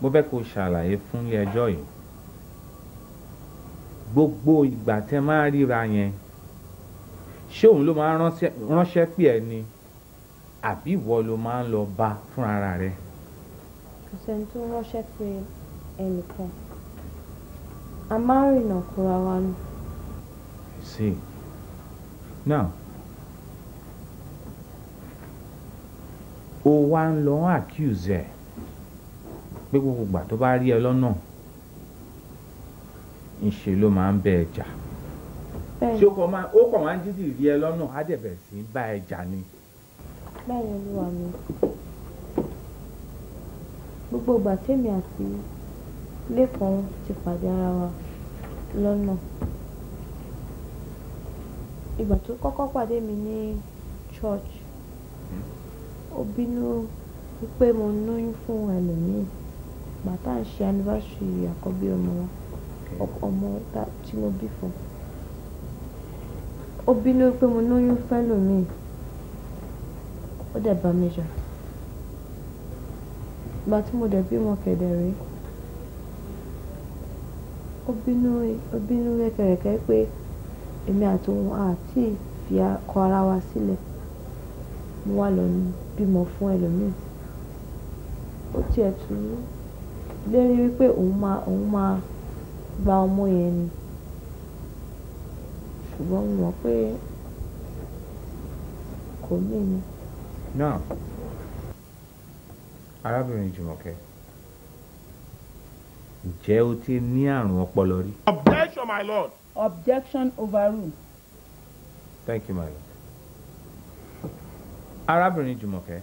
mo fẹ́ kó ṣàlàyé fún ilé-ẹjọ́ yìí gbogbo ìgbà tẹ́ máa ríra yẹn ṣé òun ló máa ránṣẹ́ pè ẹ́ ni àbí ìwọ ló máa ń lọ bá fúnra rẹ̀ kò sẹ́ni tó ń ránṣẹ́ pé ẹnìkan a máa ń rìnà kúra wa nù. see now ó wá ń lọ accuse ẹ e pé gbogbo ìgbà tó bá rí ẹ lọ́nà ńṣe ló máa ń bẹ ẹ jà ṣé ó kàn máa ń dídì rí ẹ lọ́nà á dẹ̀ bẹ̀rẹ̀ sí í bá ẹ ni. bẹ́ẹ̀ ni olúwa mi gbogbo ìgbà tèmi àti lẹ́kàn ti pàdé ara wa lọ́nà ìgbà tó kọ́kọ́ pàdé mi ní church ó bínú wípé mo lóyún fún ẹlòmíì ìgbà tá à ń ṣe anniversary àkọ́bí ọmọ wa ọmọ tí mo bí fún ó bínú wípé mo lóyún fún ẹlòmíì ó dẹ̀ bá mi jà ìgbà tí mo dẹ̀ bímọ kẹ̀dẹ̀ rèé ó bínú ó bínú rẹ́kẹ̀rẹ́kẹ́ pé èmi àti òun àti fi kọ ara wa sílẹ̀ mo wá lọ bímọ fún ẹlòmíì ó tiẹ̀ tún lérí wípé òun máa gba ọmọ yẹn ni ṣùgbọ́n mo mọ̀ pé kò ní ni. náà arábìnrin jùmọ̀kẹ́ ǹjẹ́ o ti ní àrùn ọpọlọ rí. objection my lord. objection overruled. thank you my lord. arábìnrin jùmọ̀kẹ́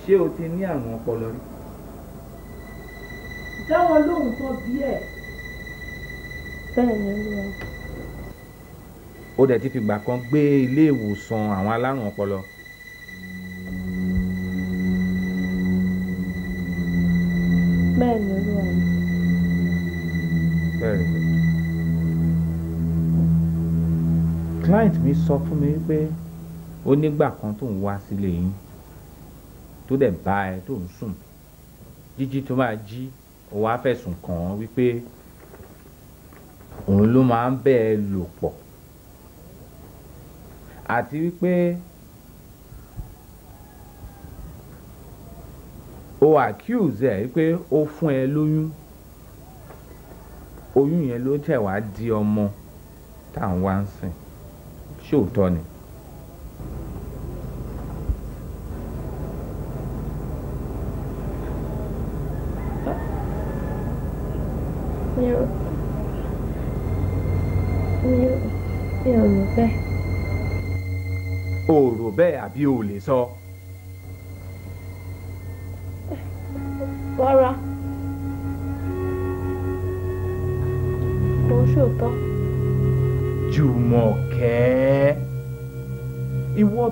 ṣé o ti ní àrùn ọpọlọ rí. dá wọn lóhùn tó bí ẹ. bẹ́ẹ̀ ni olúwa. ó dẹ̀ ti fìgbà kan gbé ilé ìwòsàn àwọn alárùn ọpọlọ. bẹ́ẹ̀ ni olúwa mi. very good. client mi sọ fún mi pé ó nígbà kan tó ń wá sílé yín tó dẹ̀ bá ẹ tó ń sùn jíjí tó máa jí ó wá fẹ̀sùn kàn án wípé òun ló máa ń bẹ́ẹ̀ lò pọ̀ àti wípé. o accuse ẹ̀ pé ó fún ẹ lóyún oyún yẹn ló tẹ̀ wá di ọmọ tá à ń wá ń sìn ṣóòótọ́ ni. mi ò rò bẹ́ẹ̀. o rò bẹ́ẹ̀ àbí o lè sọ. So.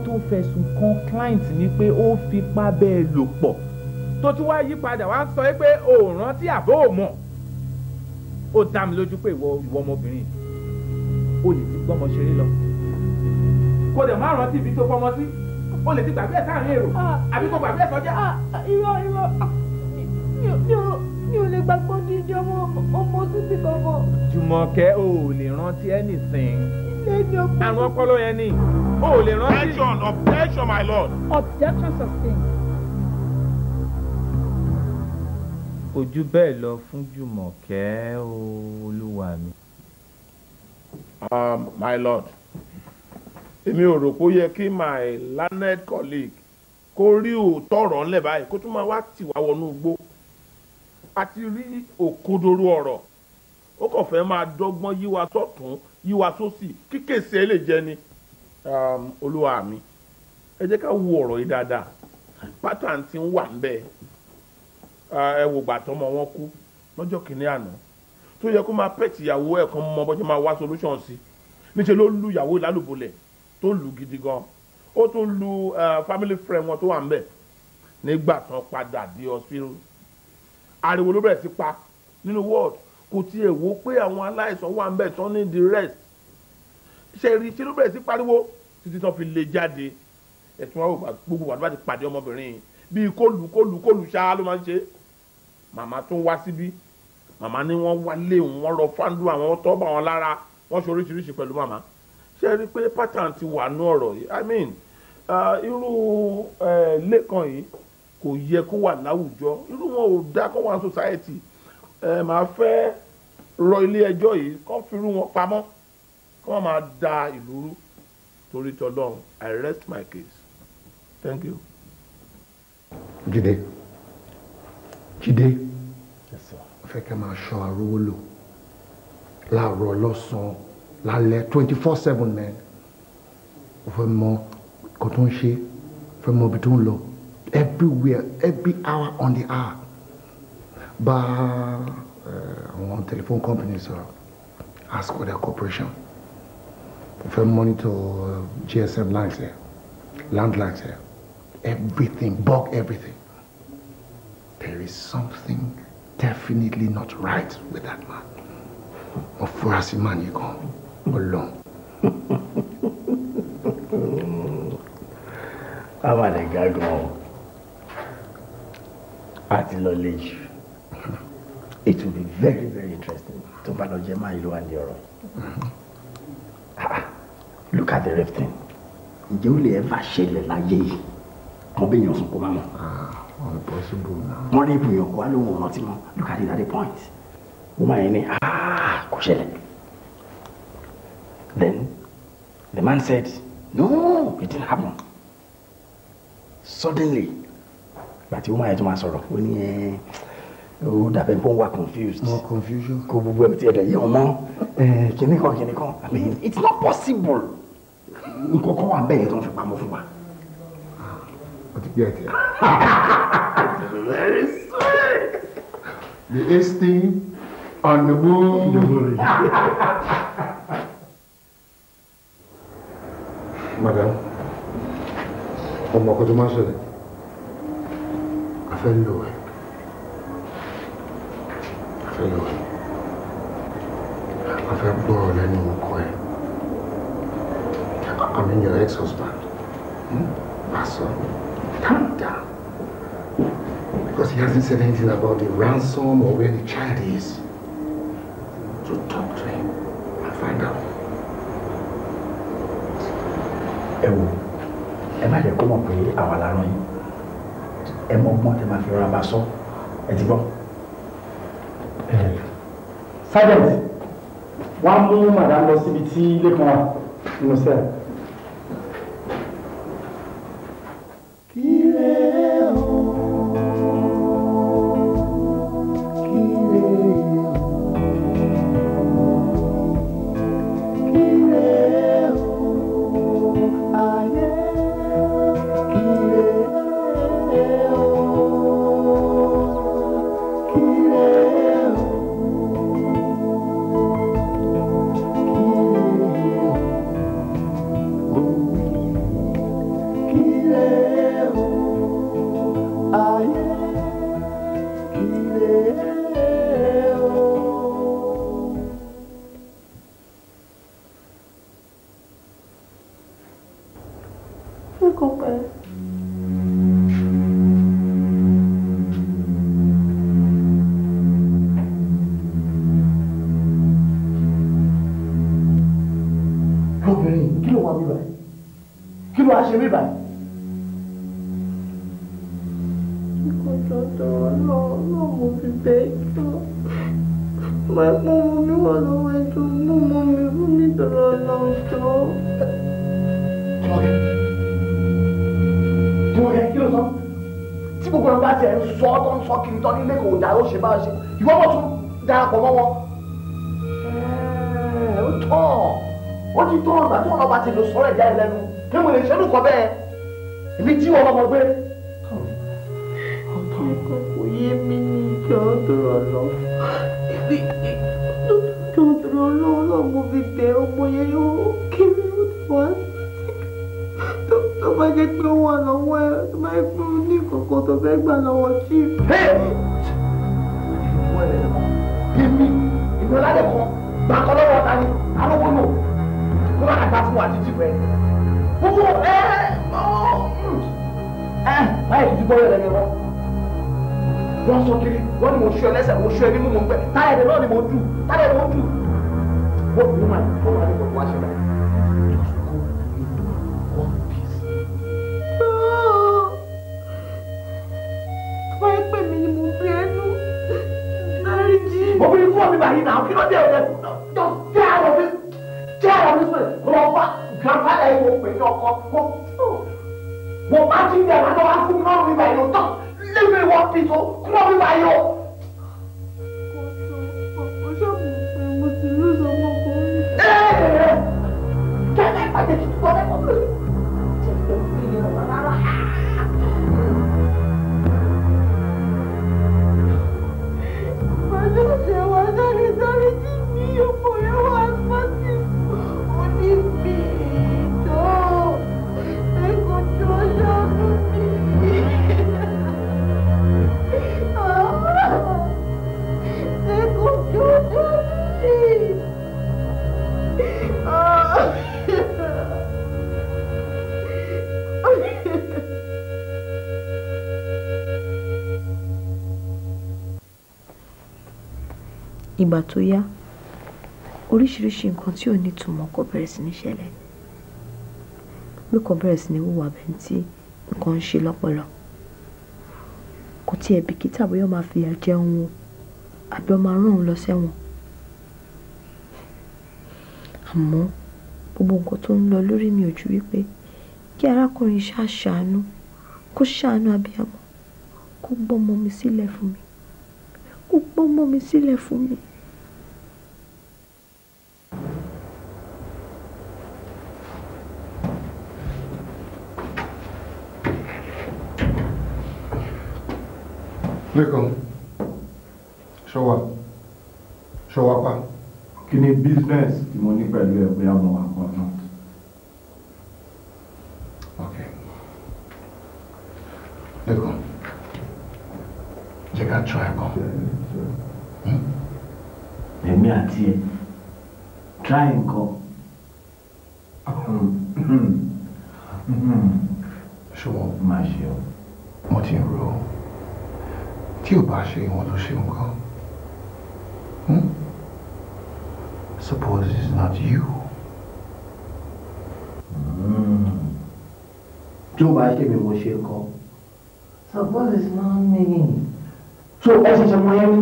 tó fẹ̀sùn kan client ní pé ó fipá bẹ́ẹ̀ lò pọ̀ tó tún wá yí padà wá sọ pé òòrùn rántí àbó ò mọ̀ ó dá mi lójú pé ìwọ ìwọ ọmọbìnrin o lè ti gbọ́mọ ṣeré lọ kó dẹ̀ má rántí ibi tó fọmọ sí o lè ti gbàgbé ẹ̀ sáàrin èrò ah, àbí kó gbàgbé ẹ̀ sọjá. Ah, irọ́ irọ́ ah, mi ò lè gbàgbọ́ dídí ọmọ ọmọ títí kan mọ́. Jùmọ̀kẹ́ ò lè rántí anything. And ọpọlọ follow any. o ò lè rántí. objection objection my lord. objection sustained. ojú bẹ́ẹ̀ lọ fún jùmọ̀kẹ́ olúwa mi. Um, my lord èmi ò rò pé ó yẹ kí my learned colleague kó rí òótọ́ ọ̀rọ̀ ńlẹ̀ báyìí kó tún máa wá tì wá wọnú igbó àti rí òkodoro ọ̀rọ̀ ó kàn fẹ́ máa dọ́gbọ́n yí wa yíwa sósì kíkèsí ẹ lè jẹ ni um, olúwa mi ẹ jẹ́ ká wo ọ̀rọ̀ yìí dáadáa pátán ti ń wà ń bẹ́ẹ̀ ẹ wò gbà tọ́mọ wọn kú lọ́jọ́ kìíní àná tó yẹ kó máa pẹ̀tì ìyàwó ẹ̀ kan mọ bọ́jọ́ máa wá solution sí níṣẹ́ ló lu ìyàwó lálùbọ̀lẹ̀ tó lù gidi gan ó tún lu family friend wọn tó wà ń bẹ̀ nígbà tán padà dé hospital ariwo ló bẹ̀rẹ̀ sí pa nínú ward kò tiẹ̀ wò pé àwọn aláìsàn wà ń bẹ̀ tán ní the rest ṣe rí ṣe ló bẹ̀rẹ̀ sí pariwo títí tán fi lè jáde ẹ̀tún wa gbogbo wa ló bá ti pàdé ọmọbìnrin yìí bíi kólu kólu kólu ṣáá ló máa ń ṣe màmá tún wá síbí màmá ní wọ́n wálé wọ́n lọ fáńdù àwọn tó bá wọn lára wọ́n ṣe oríṣiríṣi pẹ̀lú màmá ṣe rí pé pattern ti wà nú ọ̀rọ̀ yìí i mean irú lẹ́kàn yìí kò yẹ kó wà láwùjọ irú wọn ò dá kó wà society ẹ máa fẹ́ rọ ilé ẹjọ́ yìí kọ́ firú wọn pamọ́ kí wọ́n máa da ìlú rú torí tọlọ́run I rest my case thank you. Jídé Jídé fẹ́ kẹ́ máa ṣọ́ arówó lò láàárọ̀ lọ́sàn-án lálẹ́ twenty four seven nine o fẹ́ mọ nǹkan tó ń ṣe o fẹ́ mọ ibi tó ń lọ everywhere every hour on the hour bá eh, àwọn telephone company sọ̀rọ̀ ask for their cooperation mo fẹ́ monitor eh, GSM lines there, landlines there, everything bug everything there is something definitely not right with that man mo fura sí man yìí gan ọlọ́run. a máa lè ga gan-an àti lọ lè jù it will be very very interesting to bá lọ jẹ máa ìlú look at the rifting ǹjẹ́ ó lè ẹ́ fà ṣẹlẹ̀ láyé yìí wọ́n bẹ yàn fún kó má mọ̀ wọ́n rí ibùyàn kó wá lóhùn ọ̀rọ̀ mọ́ look at it at point wọ́n máa yẹn ní ah, kò ṣẹlẹ̀ then the man said no it didn't happen suddenly gbàtí wọ́n máa yẹn tó máa sọ̀rọ̀ ó ní ẹ́ẹ́. Eh, o dàbẹ̀ kó wà confused. mo confusion. kó gbogbo ẹ̀ tiẹ̀ dẹ̀ yé ọmọ kìnnì kan kìnnì kan i mean it's not possible. nǹkan kan wà bẹ́ẹ̀ tó ń fi pamọ́ fún wa. Ah, o ti gbé ẹ very sweet. the instinct on the moon. madam ọmọ kò tó máa ṣẹlẹ̀ a fẹ́ lò ẹ́ fẹ́ràn mi a fẹ́ gbọ́rọ̀ lẹ́nu ọkọ ẹ̀ I mean your ex-husband pàṣọ dáadáa because he hasn't said anything about the ransom or where the child is so talk to him and find out. ẹ wò ẹ má jẹ́ kó mọ̀ pé àwa la rán yín ẹ mọ ọgbọ́n tẹ́ máa fi rọra bá sọ ẹ ti gbọ́ sergeant wọ́n á mú madam lọ síbi tí ilé gbà lọ́wọ́ sí. èmi ìnọlá lè kọ gbàkọ lọ́wọ́ ta ni arúgbó lò ló bá kàgbá fún wa títí fẹ gbogbo ẹ ẹ báyìí ti bọ́ yẹlẹ ni wọ́n wọ́n sọ kiri wọ́n ni mo ṣu ẹ lẹ́sẹ̀ mo ṣu ẹ nínú mo ń pẹ́ táyà ẹ̀ lọ́ọ̀ ni mo dù táyà ẹ̀ mo dù wọ́n kò ní mà ní fọ́. ìgbà tó yá oríṣiríṣi nǹkan tí ò ní ìtumọ̀ kò bẹ̀rẹ̀ sí ní ṣẹlẹ̀ mi kò bẹ̀rẹ̀ sí ní wùwà bẹ́ẹ̀ tí nǹkan ń ṣe lọ́pọlọ kò tiẹ̀ bìkítà bóyá ó máa fìyà jẹun o àbí ó máa rán òun lọ sẹ́wọ̀n àmọ́ gbogbo nǹkan tó ń lọ lórí mi ò wípé kí arákùnrin ṣáà ṣàánú kó ṣàánú abiyamọ kó gbọ́mọ mi sílẹ̀ fún mi kó gbọ́mọ mi sílẹ̀ fún mi. lẹ́kàn ṣọwà ṣọwà pa. kí ni business tí mo ní pẹ̀lú ẹ̀ bóyá mo wà kọ́ náà. ok lẹ́kàn jẹ́ ká tọ́ ẹ̀ kọ́ èmi àti ẹ̀ try nǹkan. ṣùgbọ́n má ṣe o mo ti ń ro tí ò bá ṣe ìwọ̀n ló ṣe nǹkan hmm? suppose it's not you. Hmm. tí ò bá ṣe mi mo ṣe nǹkan. suppose it's not me. so ẹ ṣẹ̀ṣẹ̀ mọ yẹn ni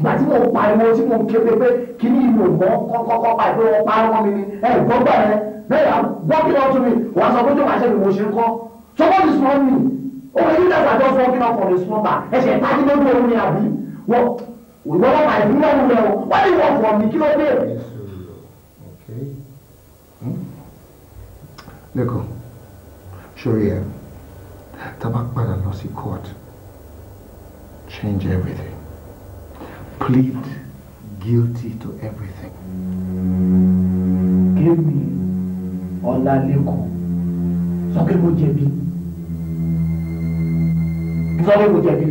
gbà tí mo pariwo tí mo kéde pé kí ni ìlú mọ kọ́kọ́kọ́ pa ìpè wọn pariwo mi ni ẹ gbọ́gbà rẹ bẹ́ẹ̀ yà wọ́n kí lọ́ọ́ tún mi wọ́n sọ pé tí ò bá ṣe mi mo ṣe nǹkan suppose it's not me ó ní nígbà tó fọ́ kí wọ́n fọ̀ lè sún ọba ẹ̀ṣẹ̀ tàbí lójú òun ni àbí wọ́n wọ́n wà ìlú ọ̀hún rẹ̀ o wọ́n ní wọ́n fọ̀ mí kí ló dé. lẹ́kọ̀ọ́ sórí ẹ̀ tá a bá padà lọ sí court change everything plead guilty to everything. kémi ọlá lẹ́kọ̀ọ́ sọ pé mo jẹ̀bi ìdílé kò jẹ̀bi.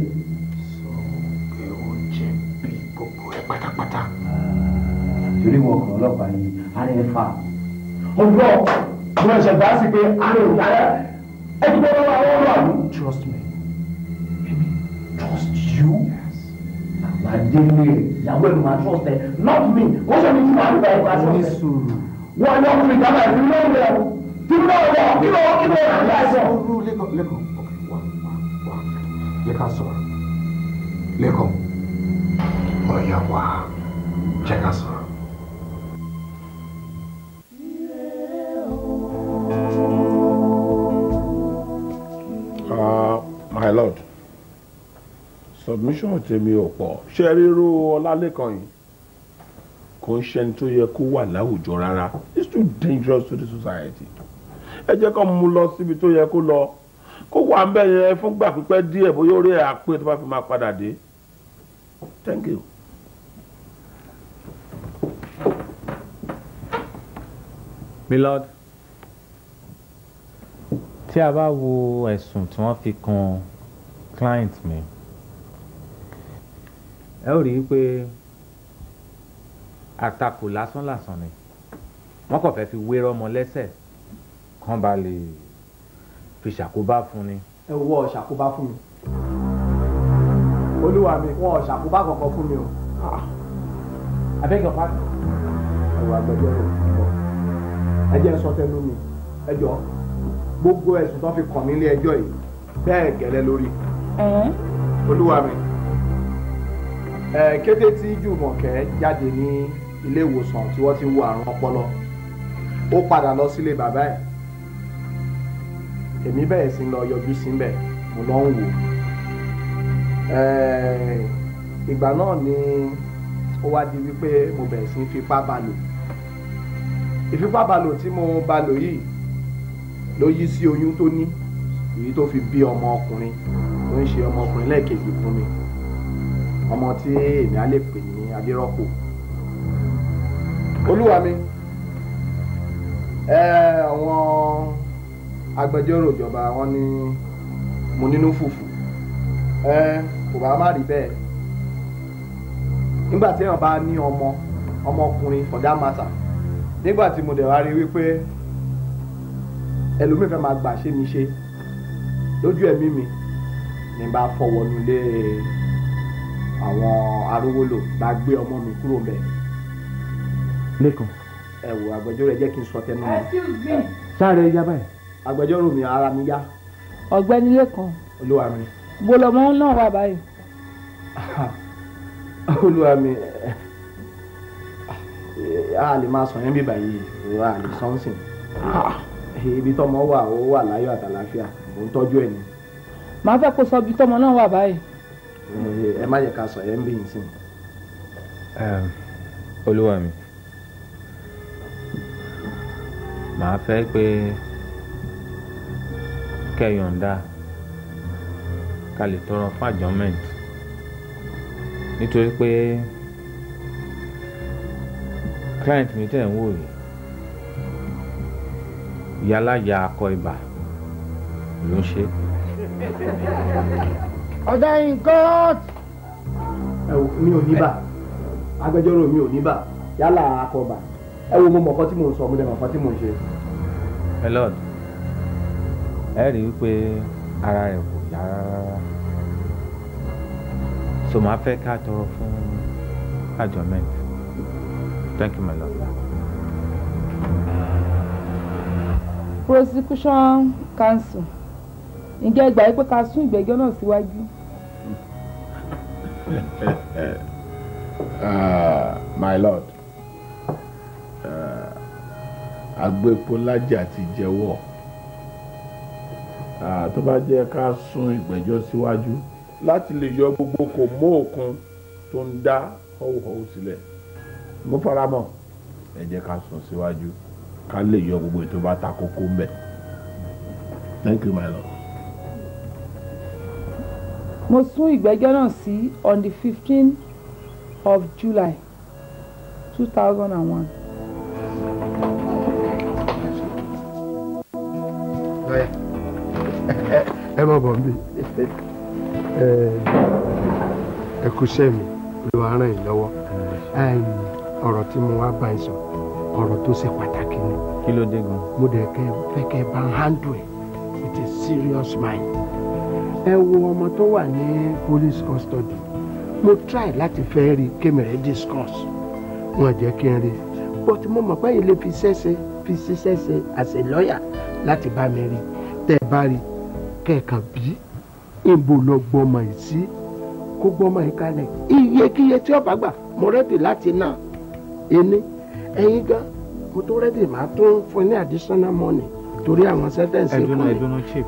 sọ̀rọ̀ pé ó gbogbo ẹ̀ pátápátá. torí wọn kàn ọlọ́pàá yìí ara ẹ̀ fà. ọjọ́ ìwọ ẹ̀ṣẹ̀ bá sì pé ara ẹ̀ yára ẹ ti gbọ́dọ̀ wà wọ́n wà trust me èmi trust you. àwọn adéwé ìyàwó ẹ̀ máa trust ẹ not me ó ṣe mi tí wàá nípa ẹ̀ máa trust ẹ. wọn ni ọkùnrin kan náà ìdílé ọ̀rẹ́ ọ̀ kí ló kí ló kí ló wọ̀ àti àìsàn jẹ́ ká sọ̀rọ̀ lẹ́kọ̀ọ́ ọ̀yà wá jẹ́ ká sọ̀rọ̀. my lord submission tèmi ò pọ̀ ṣe ríro ọlálẹ́kan yìí kò ń ṣẹni tó yẹ kó too dangerous to the society ẹ jẹ́ kó to lọ síbi tó kó wà ń bẹ̀ yẹn fúngbà pípẹ́ díẹ̀ bóyá orí ẹ̀ àpè tó bá fi máa padà dé thank you. milord tí a bá wo ẹ̀sùn tí wọ́n fi kan client mi ẹ ó rí i pé àtakò lásán lásán ni wọ́n kàn fẹ́ fi wérọ́ ọmọ lẹ́sẹ̀ kán ba lè. Le fi ṣàkóbá fún ni. ẹ wọ ṣàkóbá fún mi olúwa mi wọn ṣàkóbá kankan fún mi o ah. abẹ́gẹ́ pa ẹ̀rọ agbẹjọ́rò ẹ jẹ́ sọ tẹnu mi ẹ jọ gbogbo ẹ̀sùn tó fi kàn mí ilé ẹjọ́ yìí bẹ́ẹ̀ gẹ́lẹ́ lórí olúwa mi kété tí jùmọ̀kẹ́ jáde ní ilé ìwòsàn tí wọ́n ti wo àrùn ọpọlọ ó padà lọ sílé bàbá ẹ̀ èmi bẹ́ẹ̀ sì lọ yọjú síbẹ̀ mo lọ ń wò ìgbà náà ni ó wá di wípé mo bẹ̀rẹ̀ sí fipá bá ìfipá bá tí mo bá lò yìí ló yí sí oyún tó ní èyí tó fi bí ọmọ ọkùnrin tó ń ṣe ọmọ ọkùnrin lẹ́ẹ̀kejì fún mi ọmọ tí èmi á lè pè ní adérọ́pò olúwa mi àwọn. Eh, agbẹjọ́rò ìjọba wọn ní mo nínú fùfù ẹ kò bá má rí bẹ́ẹ̀ nígbà tí èèyàn bá ní ọmọ ọmọkùnrin for that matter nígbà tí mo dẹ̀ wá rí wípé ẹlòmíì fẹ́ máa gbà ṣé mi ṣe lójú ẹ̀mí mi ni bá fọwọ́ nulé àwọn arówólò bá gbé ọmọ mi kúrò bẹ́ẹ̀. lẹ́kàn. ẹ wo agbẹjọ́rò ẹ jẹ́ kí n sọ tẹnu mi. excuse me. sáré yaba yìí agbẹjọ́rò mi ara mi yá. ọ̀gbẹ́ni lẹ́kan. olúwa mi. bo lọmọ náà wà báyìí. olúwa mi a lè máa sọ yẹn bí báyìí a lè sọ́nsìn ibi tọmọ wà ó wà láyọ̀ àtàlàáfíà mò ń tọ́jú ẹ̀ ni. màá fẹ́ kó sọ ibi tọmọ náà wà báyìí. ẹ má yẹ ká sọ yẹn bí yìí sìn. olúwa mi màá fẹ́ pé. Pe kẹyọ̀ǹda ká lè tọrọ fún adjournment nítorí pé client mi tẹ̀ ń wò yìí yálàyà akọ ibà ló ń ṣe. ọ̀dà nǹkan. ẹ wò mi ò ní bà agbẹjọ́rò mi ò ní bà yálà akọ bà ẹ wò mo mọ̀ ọkọ tí mò ń sọ mo mọ̀ ọkọ tí mò ṣe. my lord ẹ rí i pé ara rẹ̀ kò yá rárá so màá fẹ́ ká tọrọ fún adjournment thank you my lord. prosecution counsel ǹjẹ́ ẹ gbà pé ká sún ìgbẹ́jọ́ náà síwájú. Ah, my lord ah, agbépo lájà ti jẹ́wọ́ tó bá jẹ́ ká sún ìgbẹ́jọ́ síwájú láti lè yọ gbogbo kò mú òkun tó ń dá họ́wùhọ́wù sílẹ̀ mo fara mọ́ ẹ jẹ́ ká sún síwájú ká lè yọ gbogbo ètò bá ta kókó ń bẹ̀. thank you my lord. mo sún ìgbẹ́jọ́ náà sí on the fifteen of July two thousand and one. lọ́yà ẹ má bọ̀ nbí ẹ kú iṣẹ́ mi olúwa ràn yín lọ́wọ́ ọ̀rọ̀ tí mo wá bá yín sọ ọ̀rọ̀ tó ṣe pàtàkì ni. kí ló dé gan. mo dẹ̀ kẹ́ fẹ́ kẹ́ bá ń handle ẹ̀ with a serious mind. ẹ wo ọmọ tó wà ní police custody mo try láti fẹ́ rí kémi rẹ̀ discuss wọn jẹ́ kí n rí but mo mọ̀ pé ilé fi ṣẹ́ṣe fi ṣiṣẹ́ ṣe as a lawyer láti bá mi rí tẹ́ ẹ bá rí i kẹ̀kàn bí ìbò lọ yìí sí kó gbọmọ yìí kalẹ̀ iyekíye tí ọba gbà mo láti nà ẹni ẹ̀yin gan mo tó rẹ́dì máa tún fún ní additional money torí àwọn sẹ́tẹ̀ǹsì kù mí. chip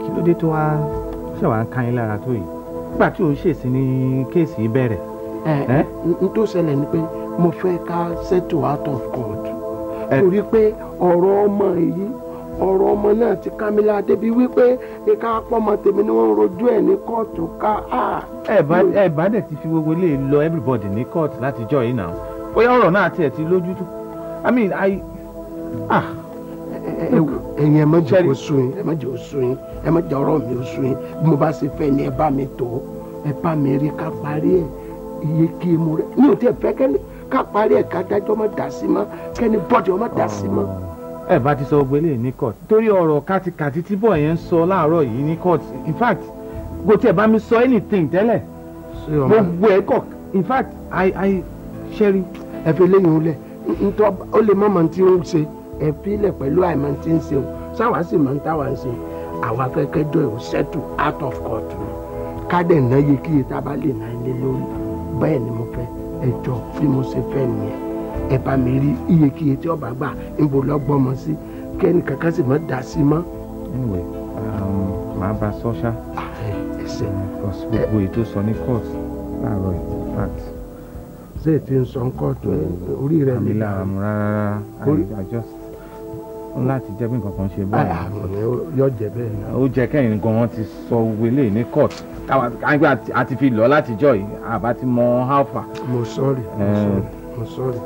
kí ló dé tó wá ṣàwọn lára o ní kéèsì ẹ n tó ṣẹlẹ̀ ni pé mo fẹ́ ká settle out of court torí ọ̀rọ̀ ọmọ náà ti ká mi láà débi wípé ìka pọ́mọ tèmi ni wọ́n ń rojú ẹ̀ ní kóòtù ká. ẹ bá dẹ̀ ti fi gbogbo ilé lọ everybody ní kóòtù látijọ́ yìí náà bóyá ọ̀rọ̀ náà tiẹ̀ ti lójú tó i mean i ah ẹ̀yin ẹ má jẹ́ kó sú yín ẹ má jẹ́ kó sú yín ẹ má jẹ́ ọ̀rọ̀ mi ó sú yín bí mo bá ṣe fẹ́ ni ẹ bá mi tó ẹ bá mi rí ká parí ẹ iye kí mo rẹ mi ò tẹ fẹ́ kẹ́ni ká parí ẹ ká dájọ́ má dá sí mọ́ kẹ́ni bọ́dì ọ má dá sí mọ́ ẹ bá ti sọ gbogbo eléyìí ní court torí ọ̀rọ̀ kàtìkàtì tí bọ̀ yẹn ń sọ láàárọ̀ yìí ní court in fact kò tiẹ̀ bá mi sọ anything tẹ́lẹ̀ gbogbo ẹ̀ kọ̀ in fact i i ṣẹ́rí ẹ fi lẹ́yìn olẹ̀ ntọ́ ó lè mọ̀mọ́ tí ń ṣe ẹ fi lẹ̀ pẹ̀lú àìmọ̀ tí ń ṣe o sáwà sì mọ̀ ń táwa ń ṣe àwa kẹ́kẹ́ jọ ò settle out of court ni kádẹ̀ náà yẹ kí yẹ tá a bá lè náà lé lórí bẹ́ẹ̀ ni mo fẹ́ ẹjọ́ bí mo ṣe fẹ́ nìyẹn ẹ bá mi rí iyekíye tí ọba gbà egbò lọ́gbọ́mọ sí kẹ́ni kankan sì mọ́ dà sí mọ́. anyway um, màá bá sọ́ṣà ah, ẹsẹ̀ um, gbogbo ètò sọ ní court láàárọ̀ infact. ṣé ètò ń sọ kóòtù orí rẹ mi. àmì làmú rárá i just láti jẹ́ bí nǹkan kan ṣe báyìí. Ah, yọ jẹ bẹ́ẹ̀ náà. ó jẹ́ kẹ́yìn gan wọn ti sọ wele ní court káwọn àti fi lọ látijọ́ yìí àbá ti mọ alpha. mo sọ̀rì mo um, sọ̀rì mo sọ̀rì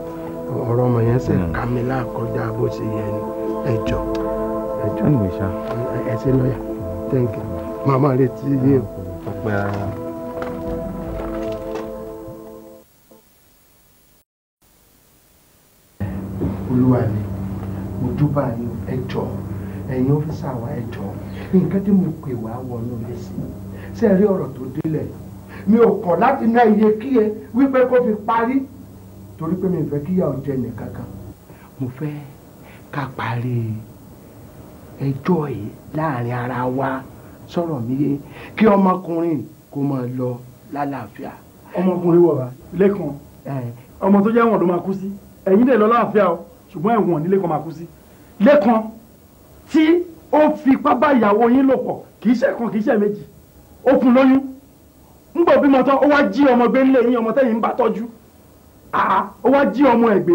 ọ̀rọ̀ ọmọ yẹn ṣe hmm. ká mi láàkọjá bó ṣe yẹ ni ẹ jọ. ẹ jọ ní ẹ ṣe lọ́yà thank you màmá retí yín o. Hmm. ọpẹ́ ara. olúwa ni mo dúbà ní ẹ jọ ẹ̀yin ọ́fíìsà wa ẹ jọ nǹkan tí mo pè wá wọnú lé sí ṣe rí ọ̀rọ̀ tó délẹ̀ mi ò kọ̀ láti ná iye kíyè wípé kó fi parí torí pé mi fẹ́ kíyà ò jẹ nìkan kan. mo fẹ́ ká parí ẹjọ́ yìí láàrin ara wa sọ̀rọ̀ mi yé kí ọmọkùnrin kó máa lọ lálàáfíà. ọmọkùnrin wọ̀ wá lẹ́kàn ọmọ tó jẹ́ wọn ló máa kú sí ẹ̀yin dẹ̀ lọ láàfíà o ṣùgbọ́n ẹ̀wọ̀n nílé kan máa kú sí lẹ́kàn tí ó fipá bá ìyàwó yín lò pọ̀ kì í ṣe kan kì í ṣe méjì ó fún lóyún ń gbọ́ bímọ tán ó wá jí ọmọ gbé nílé yín ọmọ tẹ́yìn ń bá tọ́jú àá ah, ó wá jí ọmọ ẹ̀ gbé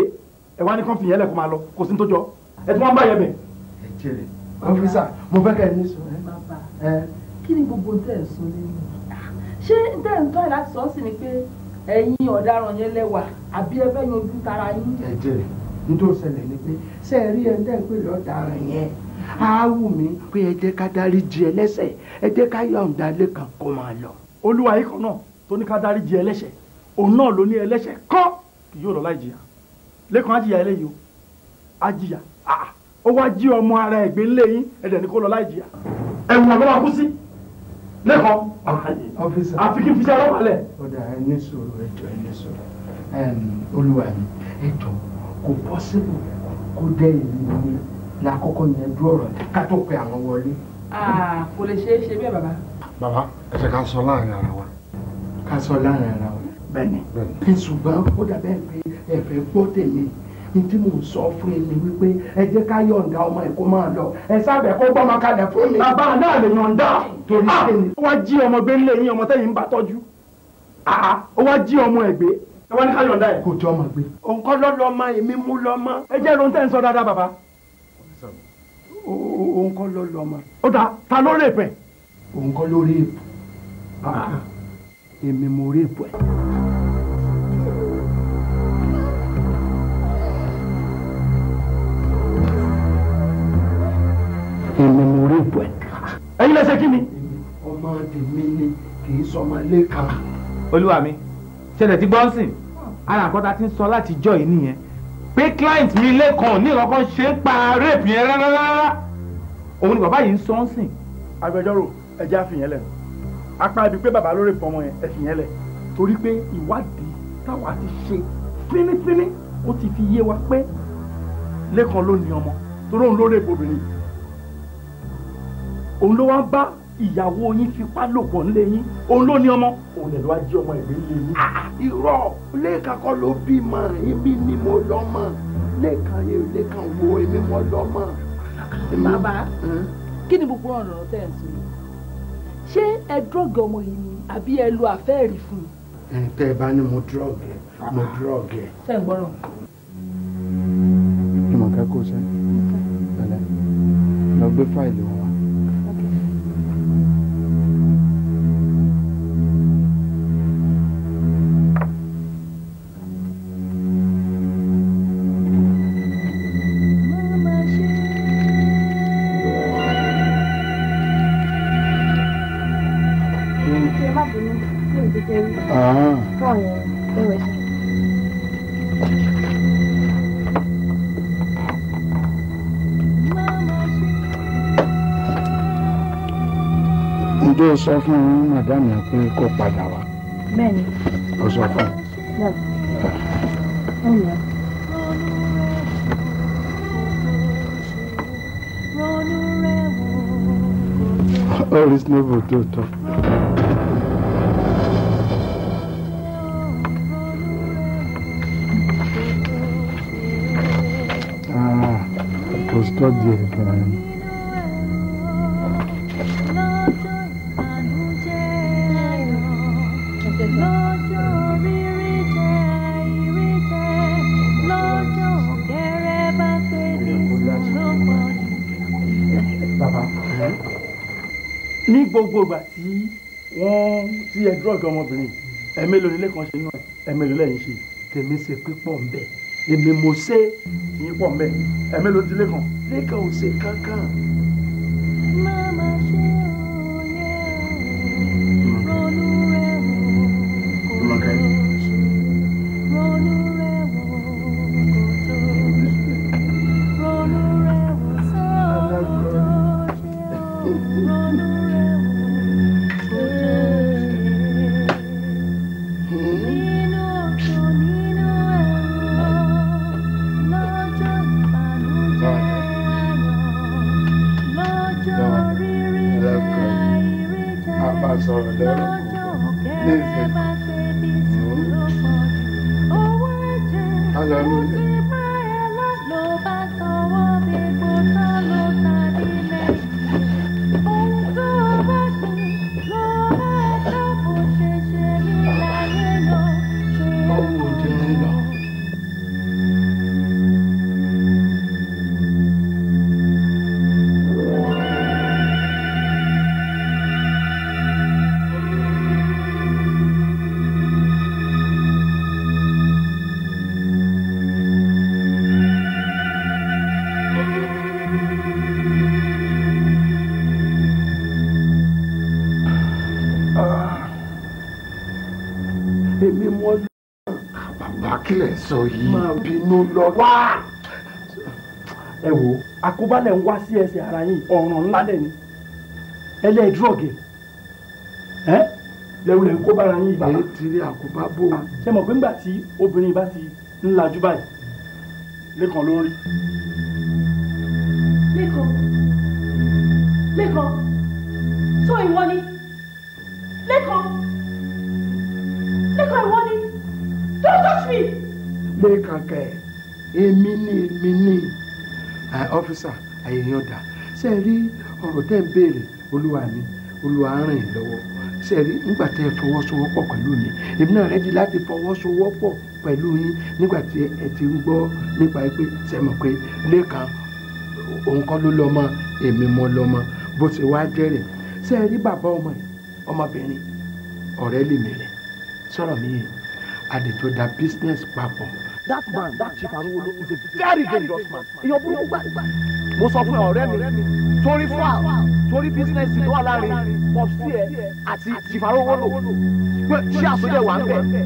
ẹ̀ wá ní kàn fìyẹn lẹ̀ kó máa lọ kò sí ní tó jọ ẹ̀ tí wọ́n bá yẹ bẹ̀. ẹ jẹrẹ ọfíìsà mo fẹ́ kẹ́ ẹ ní sùn. kí ni gbogbo tẹ́ ẹ̀ sọ lẹ́nu ṣé tẹ́ ẹ̀ ń tọ́ ẹ̀ láti sọ sí ni pé ẹ̀yin ọ̀daràn yẹn lẹ́wà àbí ẹ fẹ́ yanjú tara yín. ẹ jẹrẹ nítorí ṣẹlẹ̀ ni pé ṣé ẹ rí ẹ tẹ́ ẹ pé lọ́ọ̀daràn yẹn á wù mí pé ẹ jẹ́ ká dáríjì ẹlẹ́ṣẹ̀ ẹ jẹ́ ká yọ̀ǹda lẹ́kàn kó máa lọ. olúwa ikọ̀ náà tó ní ká dáríjì ẹlẹ́ṣẹ̀ òun náà ló ní ẹlẹ́ṣẹ̀ kọ́ yóò lọ láì jìyà lẹ́kàn á jìyà eléyìí o á jìyà ah, ó wá jí ọmọ ara ẹ̀gbẹ́ ńlẹ̀ yín ẹ̀dẹ̀ ní kó lọ láì jìyà ẹ̀wọ̀n àgbẹ̀ máa kú sí lẹ́kàn àfi kí n fi ṣe ọlọ́pàá lẹ̀. ọ̀dà ẹni sọ̀rọ̀ ẹjọ́ ẹni sọ̀rọ̀ olúwa mi ẹjọ́ kò pọ́sibù kó dẹ́ ìlú mi lákọ́kọ́ yẹn dúró ọ̀rọ̀ ká tó pe àwọn wọlé. Ah, kò lè ṣeé ṣe bẹ́ẹ̀ bàbá. bàbá ẹ ṣe ká sọ láàrin ara wa. ká sọ láàrin ara wa bẹ́ẹ̀ni. ẹ ṣùgbọ́n ó dàbẹ́ pé ẹ̀fẹ̀ gbọ́ tèmi ní tí mò ń sọ fún yín ni wípé ẹ jẹ́ ká yọ̀ǹda ọmọ ẹ̀ kó máa lọ ẹ sábẹ̀ kó gbọ́mọ kalẹ̀ fún mi. bàbá náà lè yọ̀ǹda torí ṣe ah! ni. ó wá jí ọmọ gbé nílé yín ọmọ tẹ́yìn ń bá tọ́jú ah! ó wá jí ọmọ ẹ̀ gbé ẹ wá ní ká yọ̀ǹda ẹ̀. kò jọ ọmọ gbé. òǹkọ́ lọ́lọ́mọ èmi mú lọ́mọ. ẹ jẹ́ lóun tẹ́ ń sọ dáadáa bàbá. òǹkọ́ lọ́lọ́mọ. ó dà ta ló rèé pẹ̀. òǹkọ́ ló rèé pẹ̀. Ah! èmi mo rí èpò ẹ̀. èmi mo rí èpò ẹ̀. ẹ̀yin lẹ ṣe kí ni. ọmọ tèmi ni kì í sọmọ lẹ́ka. olúwa mi ṣẹlẹ̀ tí gbọ́nsìn hmm. ara nǹkan tá a ti ń sọ láti jọ yìí nìyẹn pé client mi lẹ́kàn ní ìrọ̀kan ṣe ń pa rape yẹn rárá òun ni bàbá yìí ń sọ ń sìn. agbẹjọ́rò ẹ jẹ́ àfihàn lẹ́nu apá ibi pé bàbá lórí ìfọmọ yẹn ẹ̀sìn yẹn lẹ̀ torí pé ìwádìí táwa ti ṣe pínípíní ó ti fi yé wa pé lẹ́kàn ló ní ọmọ torí òun lórí ìbòbìnrin òun ló wá ń bá ìyàwó yín fipá lò pọ̀ nílé yín òun ló ní ọmọ òun lè lọ wá jí ọmọ ìgbé nílé yín. Ah, ah, irọ́ lẹ́ẹ̀kan kọ́ ló bímọ èmi ni mo lọ́mọ lẹ́ẹ̀kan lẹ́ẹ̀kan wo èmi mo lọ́mọ. bàbá hmm? kí ni gbogbo ọ̀rọ̀ tẹ̀ ń sọ yìí ṣé ẹ dúrọ̀gì ọmọ yìí ni àbí ẹ lo àfẹ́ẹ̀rí fún un. tẹ ẹ bá ní mo dúrọ̀gì mo dúrọ̀gì ẹ. ṣé ń gbọ́rọ̀. ìmọ̀kẹ́ kò ṣe pẹ̀lẹ́ lọ gbé fáìlì wọn. fún màdámù pé kó padà wá. bẹ́ẹ̀ni. ó sọ fún un. bẹ́ẹ̀ni. ó rí snowball Ah, it was not the gbogbo ìgbà tí wọ́n ti ẹ̀ drug ọmọbìnrin ẹ̀mélòó nílé kan ṣe náà ẹ̀mélòó lẹ́yìn ṣe tèmi ṣe pípọ̀ ń èmi mo ṣe yín pọ̀ ń bẹ̀ ẹ̀mélòó ti lé ò ṣe kankan. ọ̀rẹ́ ní Hallelujah. kílẹ̀ sọ yìí. máa bínú lọ wá. ẹ wo àkóbálẹ̀ ń wá sí ẹsẹ̀ ara yín ọ̀ràn ńlá dẹ̀ ni ẹlẹ́ dírọ̀gì ẹ lẹ́wọ̀lẹ́ ń kó bára yín ìbá. èyí ti rí àkóbá bò. ṣé mọ̀ pé ńgbà tí obìnrin bá ti ń lajú báyìí lẹ́kàn ló ń rí. lẹ́kàn lẹ́kàn tó ìwọ ni lẹ́kàn lẹ́kàn ìwọ ni. Don't touch me. Make a care. A mini, mini. àyèyàn officer, I ẹ rí ọ̀rọ̀ tẹ́ ń béèrè olúwa mi, olúwa ràn yín lọ́wọ́. Ṣé ẹ rí nígbà tẹ́ ẹ fọwọ́sowọ́pọ̀ pẹ̀lú mi? Èmi náà rẹ́dí láti fọwọ́sowọ́pọ̀ pẹ̀lú yín nígbà tí ẹ ti ń gbọ́ nípa pé ṣe mọ̀ pé Lékan òun kọ́ ló lọ́mọ èmi mọ́ lọ́mọ bó ṣe wá ọmọbìnrin, ọ̀rẹ́ lèmi rẹ̀ sọ̀rọ̀ mi yìí adèjọ da business papọ̀. that man that chief arúgbó is a very dangerous man èèyàn burúkú gbà. mo sọ fún ọ̀rẹ́ mi torí fáà torí business tó wà láàrin popsi ẹ àti chief arúgbó lò pé ṣé àsọdẹ wà ń bẹ.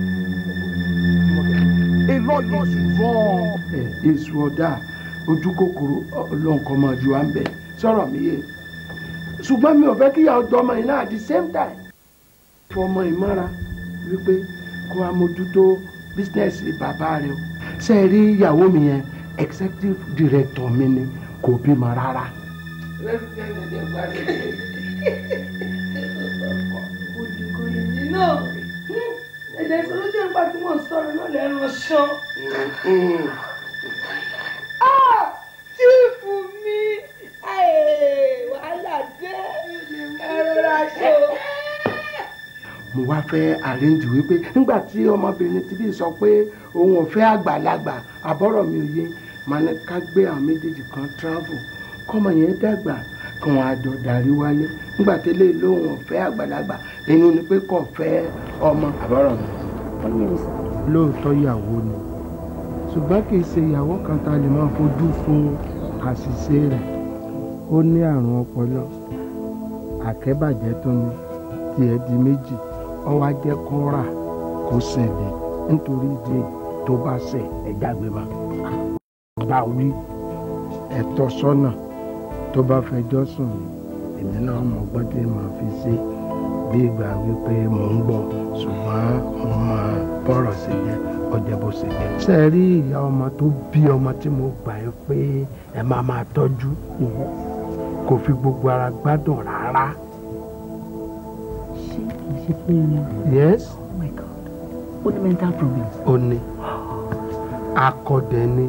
a lot is wrong. èso ọ̀dà ojú kòkòrò ọlọ́nkọ́ máa ju à ń bẹ̀ sọ̀rọ̀ mi yé ṣùgbọ́n mi ò fẹ́ kíyàwó dọ́mọ yìí náà at the same time fọmọ ìmọ̀ra wípé kó wá mójútó bísínẹ́sì bàbá rẹ o ṣe rí ìyàwó mi yẹn executive director mi ni kò bímọ rárá. ẹ̀jẹ̀ ìṣòlójú ìgbà tí mo sọ̀rọ̀ náà lẹ́nu ọ̀ṣọ́. tíìfù mi wàhálà dé ẹ̀rọ aṣọ mo wá fẹ́ àríǹdì wípé nígbà tí ọmọbìnrin ti bí sọ pé òun ò fẹ́ àgbàlagbà àbọ̀rọ̀ mi ò yé màá ní ká gbé àwọn méjèèjì kan travel kọ́mọ yẹn dàgbà kí wọ́n àjọ darí wálé nígbà tí eléyìí lóun ò fẹ́ àgbàlagbà ẹni ni pé kò fẹ́ ọmọ àbọ̀rọ̀ mi. lóòótọ́ ìyàwó ni ṣùgbọ́n kì í ṣe ìyàwó kan tá a lè máa fojú fo àṣìṣe rẹ̀ ó ní àrùn ọpọlọ àkẹ́bàjẹ́ tó ní tiẹ̀ di méjì ọwọ́ ajẹ́ kó rà kó sìn ní nítorí ìdí tó bá sẹ̀ ẹ̀já gbé ma bá wí ẹ̀tọ́ sọ́nà tó bá fẹjọ́ sùn ní èmi náà mọ̀ gbọ́n tí màá fi ṣe bí ìgbà wípé mò ń gbọ́ ṣùgbọ́n mo máa bọ̀rọ̀ sí jẹ́ ọjọ́ bó ṣe jẹ́. ṣe rí ìyá ọmọ tó bí ọmọ tí mo gbà ẹ pé ẹ máa máa tọ́jú kò fi gbogbo ara gbádùn rà ṣe fún yes. oh my god Only mental problems. Only. ní akọdẹ ni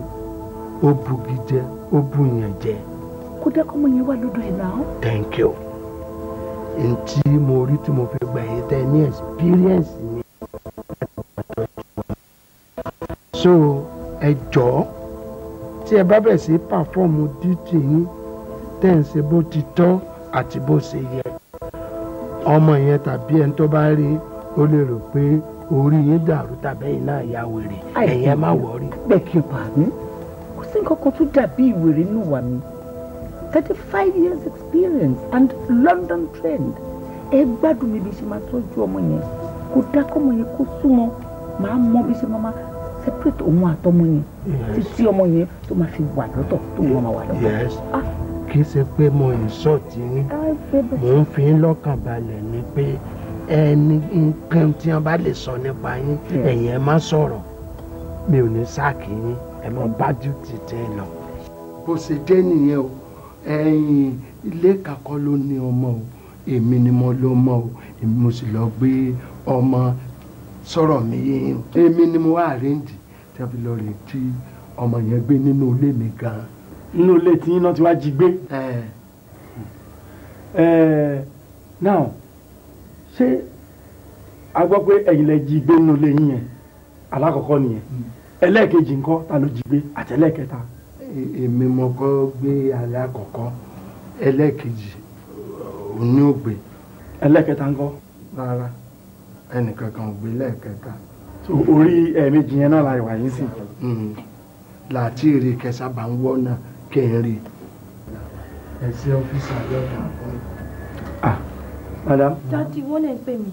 ó bugi jẹ ó buyàn jẹ. kó dẹ́kun mọ yẹn thank you ntí mo rí tí mo fi gbà yín experience mi. so ẹ jọ̀ọ́ tí ẹ bá bẹ̀ sí pàfọ́ọ̀mù dìtì yín tẹ̀ ń ṣe bó ti tọ́ àti bó ṣe yẹ ọmọ yẹn tàbí ẹni tó bá rí ó lè rò pé orí yín dàrú tàbí ẹ̀yin náà ya wèrè ẹ̀yin ẹ má wọrí. bẹ́ẹ̀ kí n pa mí kò sí nǹkan kan tó dàbí ìwèrè nù wà mí thirty five years experience and London trend ẹ gbádùn mi bí ṣe máa tọ́jú ọmọ yẹn kò dákọ́ ọmọ yẹn kó súnmọ́ màá mọ bí ṣe máa separate òun àtọmọ yẹn títí ọmọ yẹn tó máa fi wà lọ́tọ̀ tó máa wà lọ́tọ̀. Ah, kì í ṣe pé mo ìṣọ́ọ̀tì yín mò ń fi yín lọ́kàn balẹ̀ ni pé ẹni nǹkan tí wọ́n bá lè sọ nípa yín ẹ̀yin ẹ má sọ̀rọ̀ mi ò ní sáàkì yín ẹ mọ bájú títẹ lọ. bó ṣe dé nìyẹn o ẹ̀yin ilé kakọ́ ló ní ọmọ o èmi ni mo ló mọ o èmi mo sì lọ gbé ọmọ sọ̀rọ̀ mi yín o èmi ni mo wá àrẹ́ǹdì tẹ́bí lọ́ọ́ rẹ̀ tí ọmọ yẹn gbé nínú ilé mi gan-an nínú ilé tí iná ti wá jí gbé. Eh. Eh, now ṣé a gbọ́ pé ẹ̀yin lẹ jí gbé nínú ilé yín yẹn alákọ̀ọ́kọ́ nìyẹn hmm. ẹlẹ́ẹ̀kejì ńkọ́ ta ló jí gbé àti ẹlẹ́ẹ̀kẹta. Eh, èmi mo kọ́ gbé alákọ̀ọ́kọ́ ẹlẹ́ẹ̀kejì òní ò gbé. ẹlẹ́ẹ̀kẹta ńkọ́. rárá ẹnìkankan ò gbé lẹ́ẹ̀kẹta. orí ẹ̀ẹ̀mejì yẹn náà la ìwà yín sí. Hmm. làtí èrè kẹsàbà ń wọ́ náà kẹ́ ẹ rí. ẹ̀sìn ọ́fíìsì àlọ́dà ọ̀hún. ah madam. dadi wọn lè pè mí.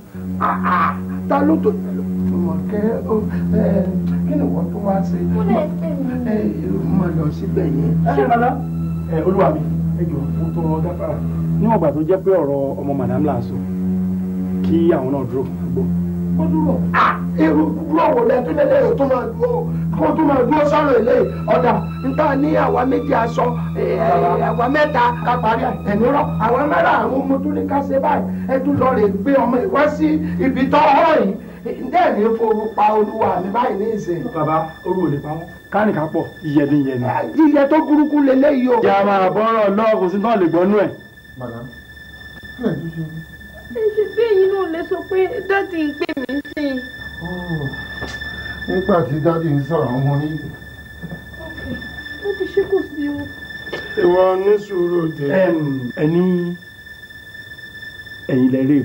ta ló tó mọ̀kẹ́ kí ni wọ́n tó wá ṣe. wọ́n lè pè mí. mo lọ síbẹ̀ yẹn. ṣé madam olúwa mi ẹ jọ mo tó rọ gáfárà. níwọ̀n ìgbà tó jẹ́ pé ọ̀rọ̀ ọmọ madam là ń sọ kí àwọn náà dúró gbọ́ ó dúró irú dúró wò lẹ tó lélẹ̀ yóò tó máa dúró kó tó máa dúró sọ̀rọ̀ ilé ọ̀dà níta ní àwa méjì aṣọ àwa mẹ́ta ká parí ẹ̀nìrọ̀ àwa mẹ́ra àwọn ọmọ tó ní ká ṣe báyìí ẹ lọ rè gbé ọmọ ìwá sí ibi tọ́ ọ̀rọ̀ yìí ǹdẹ́ ní fowó pa olúwa mi báyìí ní ìsìn. bàbá olú ò lè pa wọn kánìkà pọ̀ ìyẹ̀ni ìyẹ̀ni. ìyẹ̀ tó burúkú lélẹ́yìí o. ìyá máa bọ́rọ̀ lọ́ọ̀kùn sí náà lè gbọ́nú ẹ̀. bàbá kí ẹ̀ ẹ ṣe bí ẹ̀yin náà lè sọ pé dádì ń pè mí sí i. nígbà tí dádì ń sọ̀rọ̀ wọn ní. dádì ṣé kò sí o. ìwọ ní sùúrù jẹ. ẹni ẹ̀yin lẹ rèé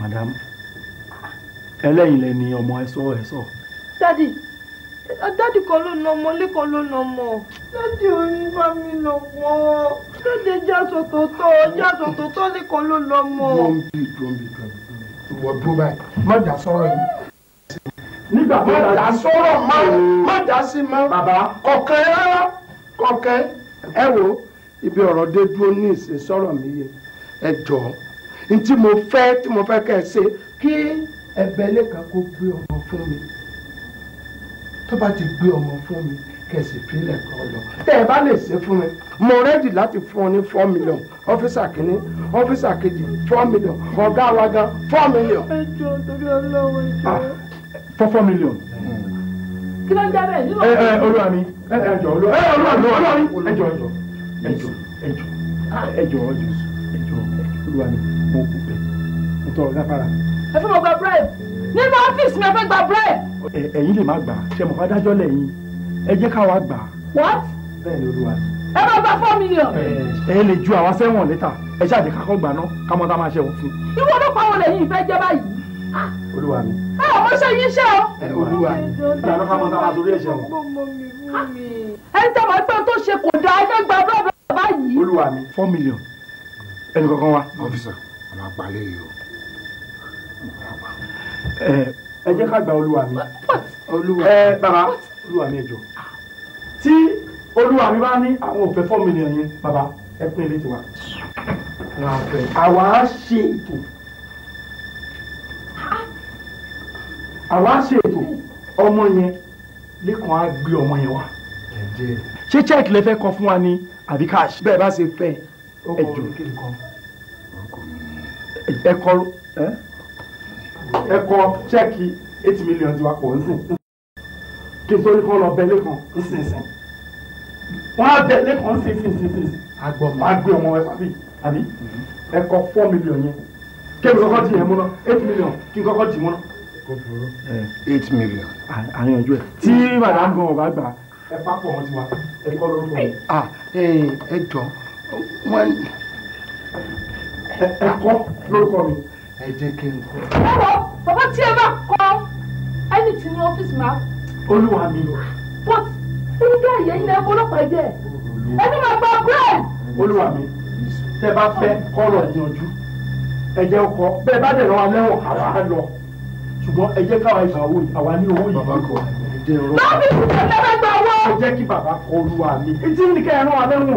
madam ẹlẹ́yin lẹ ni ọmọ ẹ̀sọ́ ẹ̀sọ́. dádì dádì kan ló na ọmọ lẹ́kọ̀ọ́ ló na ọmọ dádì ò ní bá mi lọ wọ́ọ́ jáde jáso tòótọ́ jáso tòótọ́ nìkan ló lọ mọ́. wọ́n ń bí ìdúró mi kan ìwọ dúró báyìí má dà sọ̀rọ̀ yìí. nígbà tó dáa má dà sọ̀rọ̀ má má dà sí má. bàbá kọ̀kẹ́ rárá kọ̀kẹ́ ẹ wo ibi ọ̀rọ̀ dé dúró ní ìsè sọ̀rọ̀ mi yẹ ẹ jọ̀ọ́ n tí mo fẹ́ tí mo fẹ́ kẹ́ ẹ ṣe kí ẹbẹ̀ lẹ́ka kó gbé ọmọ fún mi tó bá ti gbé ọmọ fún mi kẹsì fílẹ̀ kọ́ lọ. tẹ́ ẹ bá lè ṣe fún mi mo rẹ́dì láti fún ọ ní four million ọ́fíìsà kìíní ọ́fíìsà kejì four million ọ̀gá wa gan four million. ẹ jọ torí ọlọ́wọ́ ìjọ. Ah, four four million. kí ló ń jẹ́ bẹ́ẹ̀ nínú. ẹ ẹ olúwa mi ẹ jọ olúwa mi olúwa mi ẹ jọ ẹ jọ ẹ jọ ẹ jọ ẹ jọ ẹ jọ olúwa mi mo kù bẹ́ẹ̀ mo tọrọ gáfárà. ẹ fẹ́ mo gba bribe nínú ọ́fíìsì mi ẹ fẹ́ gba bribe. ẹ̀yin lè má gbà ṣe mo fẹ́ adájọ́ lẹ́yìn ẹ jẹ́ ká wá gbà á. what. bẹ́ẹ̀ ẹ máa gba four million. ẹ lè ju àwa sẹ́wọ̀n lẹ́tà ẹ ṣáàjẹ́ kakọ́ gbà náà ká mọ́ a máa ṣẹ̀wọ̀n fún. ìwọ ló pa olè yìí fẹ́ jẹ́ báyìí. Ah! olúwa mi. ẹ ò mọ ṣe yín ṣe o. olúwa ìgbà ló ká mọ́ tá a máa torí ẹ̀ ṣẹ̀wọ̀n. ẹ ń tẹ́wọ̀ pé tó ṣe kò dáa ẹ fẹ́ gba báyìí. olúwa mi. four million ẹnì kankan wa. ọfíìsà ọmọ àgbàlẹ̀ yìí o. ẹ jẹ́ ká gba olúwa mi. olúwa mi. ẹ bàbá olúwa tí olúwa mi bá ní àwọn òfẹ́ four million yẹn Baba, ẹ pín ilé tiwa. àwa á ṣe ètò àwa á ṣe ètò ọmọ yẹn lẹ́kàn á gbé ọmọ yẹn wá. ṣé check lè fẹ́ kọ fún wa ní àbí cash bẹ́ẹ̀ bá ṣe fẹ́ ẹ jù ẹ kọ ẹ kọ check eight million tiwa pọ̀ ń kí n torí kan lọ bẹ lẹ́kàn nísinsìnyí wọ́n á bẹ lẹ́kàn nísinsìnyí wọ́n á gbé ọmọ ẹ pàbí àbí mhm. ẹ four million yẹn kébì kọ́kọ́ ti yẹn mú náà eight million kí n ti mú náà. eight million. àyànjú ẹ tí bàbá gan ọba gbà. ẹ pápọ̀ wọn ti wá ẹ kọ́ lórúkọ mi. ẹ jọ wọn. ẹ kọ́ lórúkọ mi. ẹ jẹ́ kí n kọ́. ẹ wọ bàbá tí ẹ bá kọ ẹni tí ní ọ́fíìsì máa olúwa mi lọ. but nígbà yẹn ní ẹkọ ọlọ́pàá jẹ ẹni máa gba bread. olúwa mi tẹ́ bá fẹ́ kọrọ ìyanjú ẹ jẹ́ ọkọ bẹ́ẹ̀ bá dẹ̀ lọ wa lẹ́wọ̀n àwa á lọ ṣùgbọ́n ẹ jẹ́ káwa ìgbà owó yìí àwa ní owó yìí. bàbá kọ ẹ jẹ́ ọ̀rọ̀. bábí ìṣẹ̀lẹ̀ bẹ́ẹ̀ gbà wọ́. ẹ jẹ́ kí bàbá kọ olúwa mi. ìdí ni kẹ́ ẹ rán wa lẹ́wọ̀n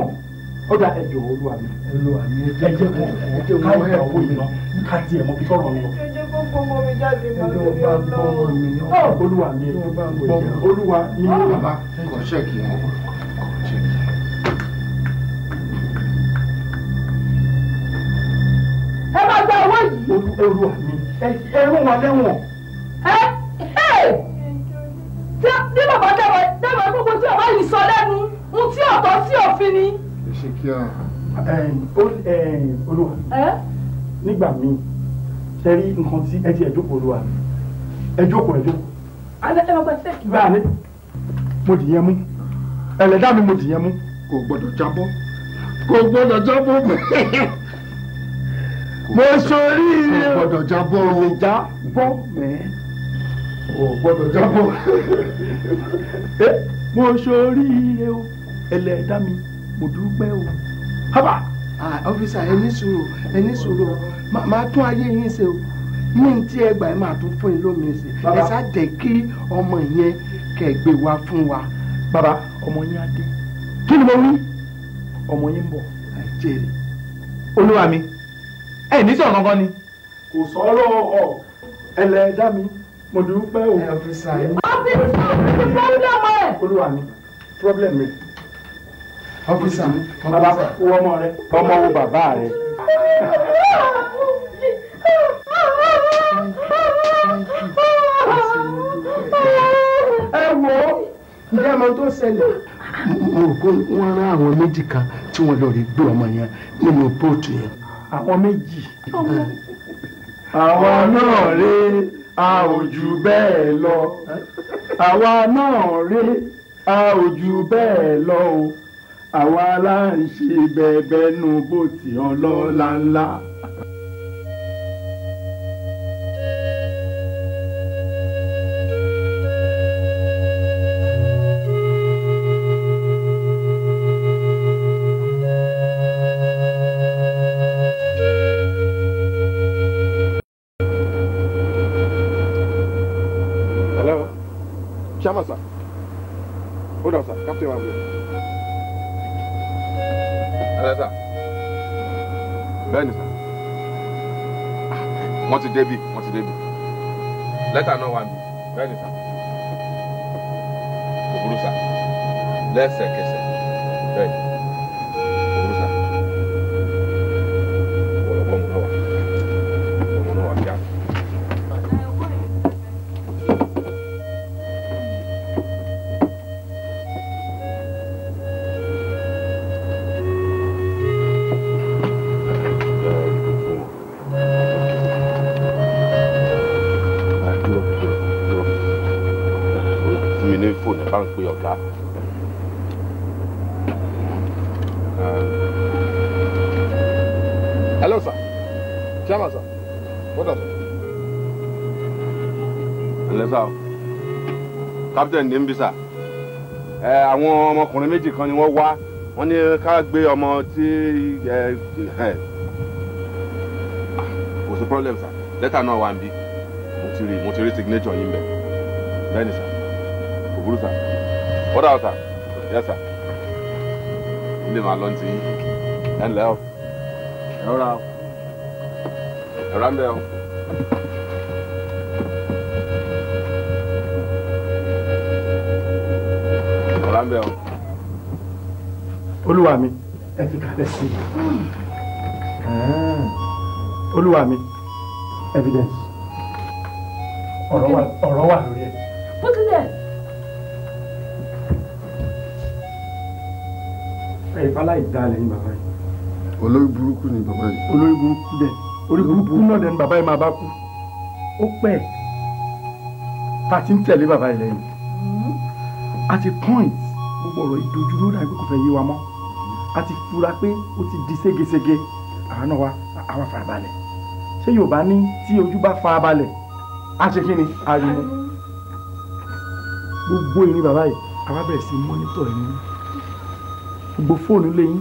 ó dà ẹjọ́ olúwa mi. olúwa mi ẹ jẹ́ kó ẹ jẹ́ kó ẹ jẹ́ kó ẹ jẹ́ kó ẹ kó mọ́ mi jáde mọ́ níbi ọlọ́run. olúwa ni olúwa ni ah! bàbá kò ṣẹ́ẹ̀kì wọn. ẹ máa gba owó yìí. olúwa mi ẹ rún wọn lẹ́wọ̀n. ẹ ẹ tí bàbá dẹ́wọ̀ dẹ́wọ̀ gbogbo tí bàbá yìí sọ lẹ́nu ohun tí ọ̀tọ̀ sí òfin ni. olúwa nígbà míì sẹ́rí nǹkan tí ẹ ti ẹ̀jókòó ló wà ẹ̀jókòó ẹ̀jókòó. alẹ́ ẹ máa gba sẹ́ẹ̀kì. bẹ́ẹ̀ ni mo dìyẹn mú ẹlẹ́dá mi mo dìyẹn mú kò gbọ́dọ̀ jábọ́ kò gbọ́dọ̀ jábọ́ mẹ́. mo sori rẹ kò gbọ́dọ̀ jábọ́ o jábọ́ mẹ́ kò gbọ́dọ̀ jábọ́. Eh, mo sori rẹ o ẹlẹ́dá mo dúpẹ́ o. haba ọ́fíìsà ẹni sùúrù ẹni sùúrù máa tún ayé yín ṣe o ní tí ẹ gbà ẹ máa tún fún yín lómi ṣe ẹ ṣá jẹ́ kí ọmọ yẹn kẹgbẹ wá fún wa. bàbá ọmọ yín á dé kí ni mo wí ọmọ yín ń bọ̀ àìjẹrè. olúwa mi ẹ ní sọ̀rọ̀ kankan ni. kò sọ̀rọ̀ ọ ẹlẹ́dá mi mo dúpẹ́ o. ẹ ọfíìsà yín. ọfíìsà ti pọ́blẹ́mù ẹ̀. olúwa mi pọ́blẹ́mù rẹ̀. ọfíìsà mi. bàbá wo ọmọ rẹ. ọmọ wo bàbá rẹ ẹ wo ǹjẹ́ ẹ mọ tó ṣẹlẹ̀. mo rò pé wọ́n rán àwọn méjì kan tí wọ́n lọ rí gbé ọmọ yẹn nínú bóòtù yẹn. àwọn méjì. àwa náà rí a ò jù bẹ́ẹ̀ lọ àwa náà rí a ò jù bẹ́ẹ̀ lọ o àwa aláìṣe bẹ̀ẹ̀bẹ̀ nu bó ti ọlọ́lá ńlá. débi wọ́n ti débi lẹ́tà náà wà mí bẹ́ẹ̀ ni sà kò sà lẹ́sẹ̀kẹsẹ̀. captain Dembisa ẹ àwọn ọmọkùnrin méjì kan ni wọ́n wá wọ́n ní ká gbé ọmọ tí ẹ kò sí problem sir lẹ́tà náà wà ń bí mo ti rí mo ti rí signature yín bẹ̀ bẹ́ẹ̀ ni sir kò burú sir order out sir yes sir ilé màá lọ ti ẹ ǹlẹ́ o ẹ rọra ẹ rà ń bẹ́ o. ń bẹ̀ o. olúwa mi ẹ fi kalẹ̀ sí i hmm. olúwa mi evidence ọ̀rọ̀ wà ọ̀rọ̀ wà lórí ẹ. put it there. ẹ ìfàlà ìdálẹ̀ ni bàbá yìí. olórí burúkú ni bàbá yìí. olórí burúkú dẹ olórí burúkú náà dẹ ni bàbá yìí máa bá kú ó pẹ́ tá a ti ń tẹ̀lé bàbá yìí lẹ́yìn at hmm. a point gbogbo ọ̀rọ̀ ìdojúró náà pé kò fẹ́ yé wa mọ́ a ti fura pé ó ti di ségesège àwọn náà wa àwọn farabalẹ̀ ṣé yorùbá ní tí ojú bá farabalẹ̀ á ṣe kí ni arimu gbogbo ìrìn bàbá yìí àwa bẹ̀rẹ̀ sí mọ́nítọ̀ yín gbogbo fóònù lẹ́yìn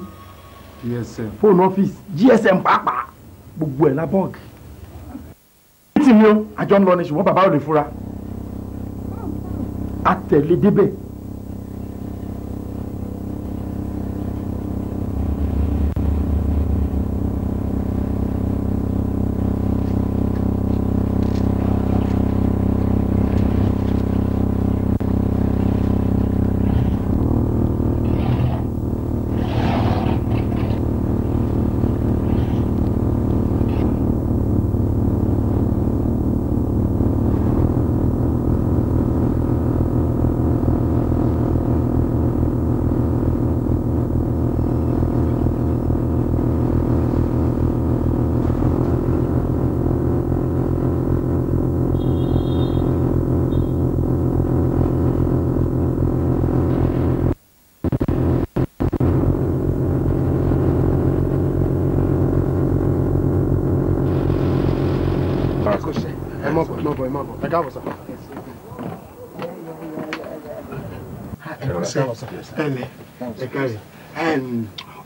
fóònù ọ́fíìsì gsm pàápàá gbogbo ẹ̀ lábọ́ọ̀gì títì mi ó àjọ ń lọ ni ṣùgbọ́n bàbá ò lè fura a tẹ̀lé débẹ̀ kò ṣe ẹ mọ bọ ẹ mọ bọ ẹ mọ bọ ẹ káàbọ̀ sà. ẹ lẹ ẹ kárí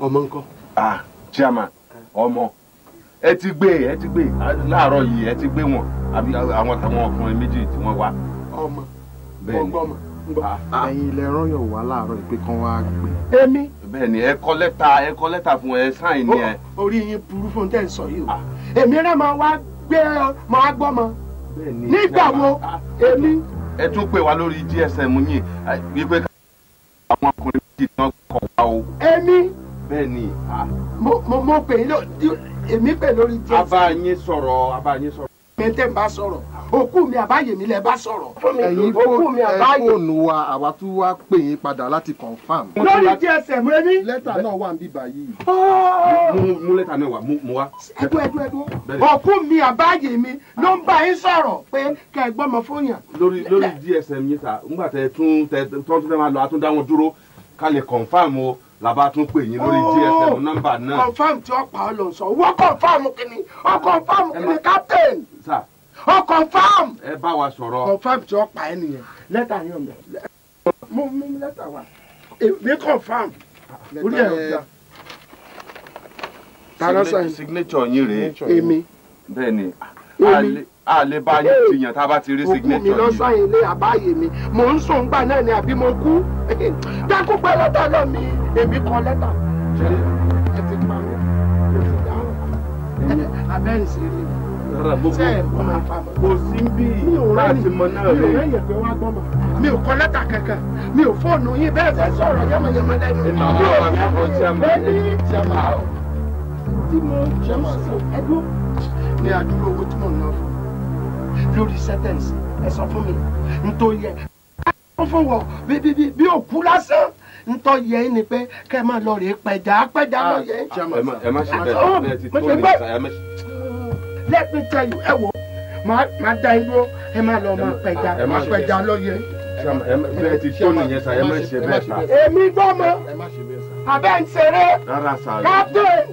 ọmọ ńkọ́. ah chiama ọmọ ẹ ti gbé ẹ ti gbé láàárọ̀ yìí ẹ ti gbé wọn àbí àwọn táwọn ọkùnrin méjì tí wọn wá. ọmọ gbọmọ ẹ̀yin ilẹ̀ rọ́yọ̀ wá láàárọ̀ ìpè kan wá gbé. èmi. bẹ́ẹ̀ni ẹ kọ lẹ́tà ẹ kọ lẹ́tà fún ẹ sáìn ni ẹ. orí yín burú fún tẹ́ ń sọ yìí o èmi rẹ̀ máa wá pé máa gbọ́mọ nígbà wo èmi. ẹ tún pè wá lórí gsm yìí wípé àwọn ọkùnrin méjì náà kọ̀ wá o. èmi. bẹ́ẹ̀ni. mo mo pè é èmi pè lórí gsm. a bá yín sọ̀rọ̀ a bá yín sọ̀rọ̀. mi tẹ́ ń bá sọ̀rọ̀ òkú mi àbáyé mi lẹ bá sọ̀rọ̀. ẹ̀yin fóònù fóònù wa àwa tún wá pè yín padà láti confam. lórí gsm rẹ ní. lẹ́tà náà wà níbí báyìí. Oh! mú lẹ́tà náà wá mú wá. ẹdú ẹdú ẹdú òkú mi àbáyé mi ló ń bá yín sọ̀rọ̀ pé kẹ́ ẹ gbọ́mọ fún yàn. lórí lórí gsm yín ta ngbà tẹ tún tẹ tọ́jú tẹ máa lọ àtúndá wọn dúró ká lè confam o làbá tún pè yín lórí oh! gsm nọ́mbà náà. confam tí ọ̀pá ọlọ́sọ̀ wọ́n confam kìnnì ọ̀ confam kìnnì captain ó confam. ẹ bá wa sọ̀rọ̀. confam tí ó pa ẹ nìyẹn lẹ́tà yẹn mi mú mú lẹ́tà wa mi confam orí ẹ̀ ọ̀gá. tara sign signature yín rèé èmi. bẹ́ẹ̀ni èmi a lè bá yín tiyàn tá a bá ti rí signature yìí. òkú mi lọ sáyìn ilé àbáyé mi mò ń sùn gbà náà ni àbí mo kú dákú pé lẹ́tà náà mi èmi kọ lẹ́tà. ẹ ti pa mí ẹ ti dáhùn abẹ́rìn sí i ràn gbogbo kò sí bí bá a ti mọ náà rè. mi ò kọ lẹ́tà kankan mi ò fóònù yín bẹ́ẹ̀ fẹ́ sọ̀rọ̀ yàmàyàmà o. tí mo jẹ́mà sọ ẹgbó ni àdúrà owó tí mò ń ná fún lórí sẹ́tẹ̀ǹsì ẹ sọ fún mi nítorí yẹ fún wọ bí bí bí ṣe bẹ́ẹ̀ let me tell you ẹ wò máa da irú ẹ máa lọ máa pẹja máa pẹja lóye. bẹ́ẹ̀ ti tó nìyẹn sa ẹ má ṣe bẹ́ẹ̀ sa. èmi gbọ́ mọ́ abẹ́ ń ṣeré captain.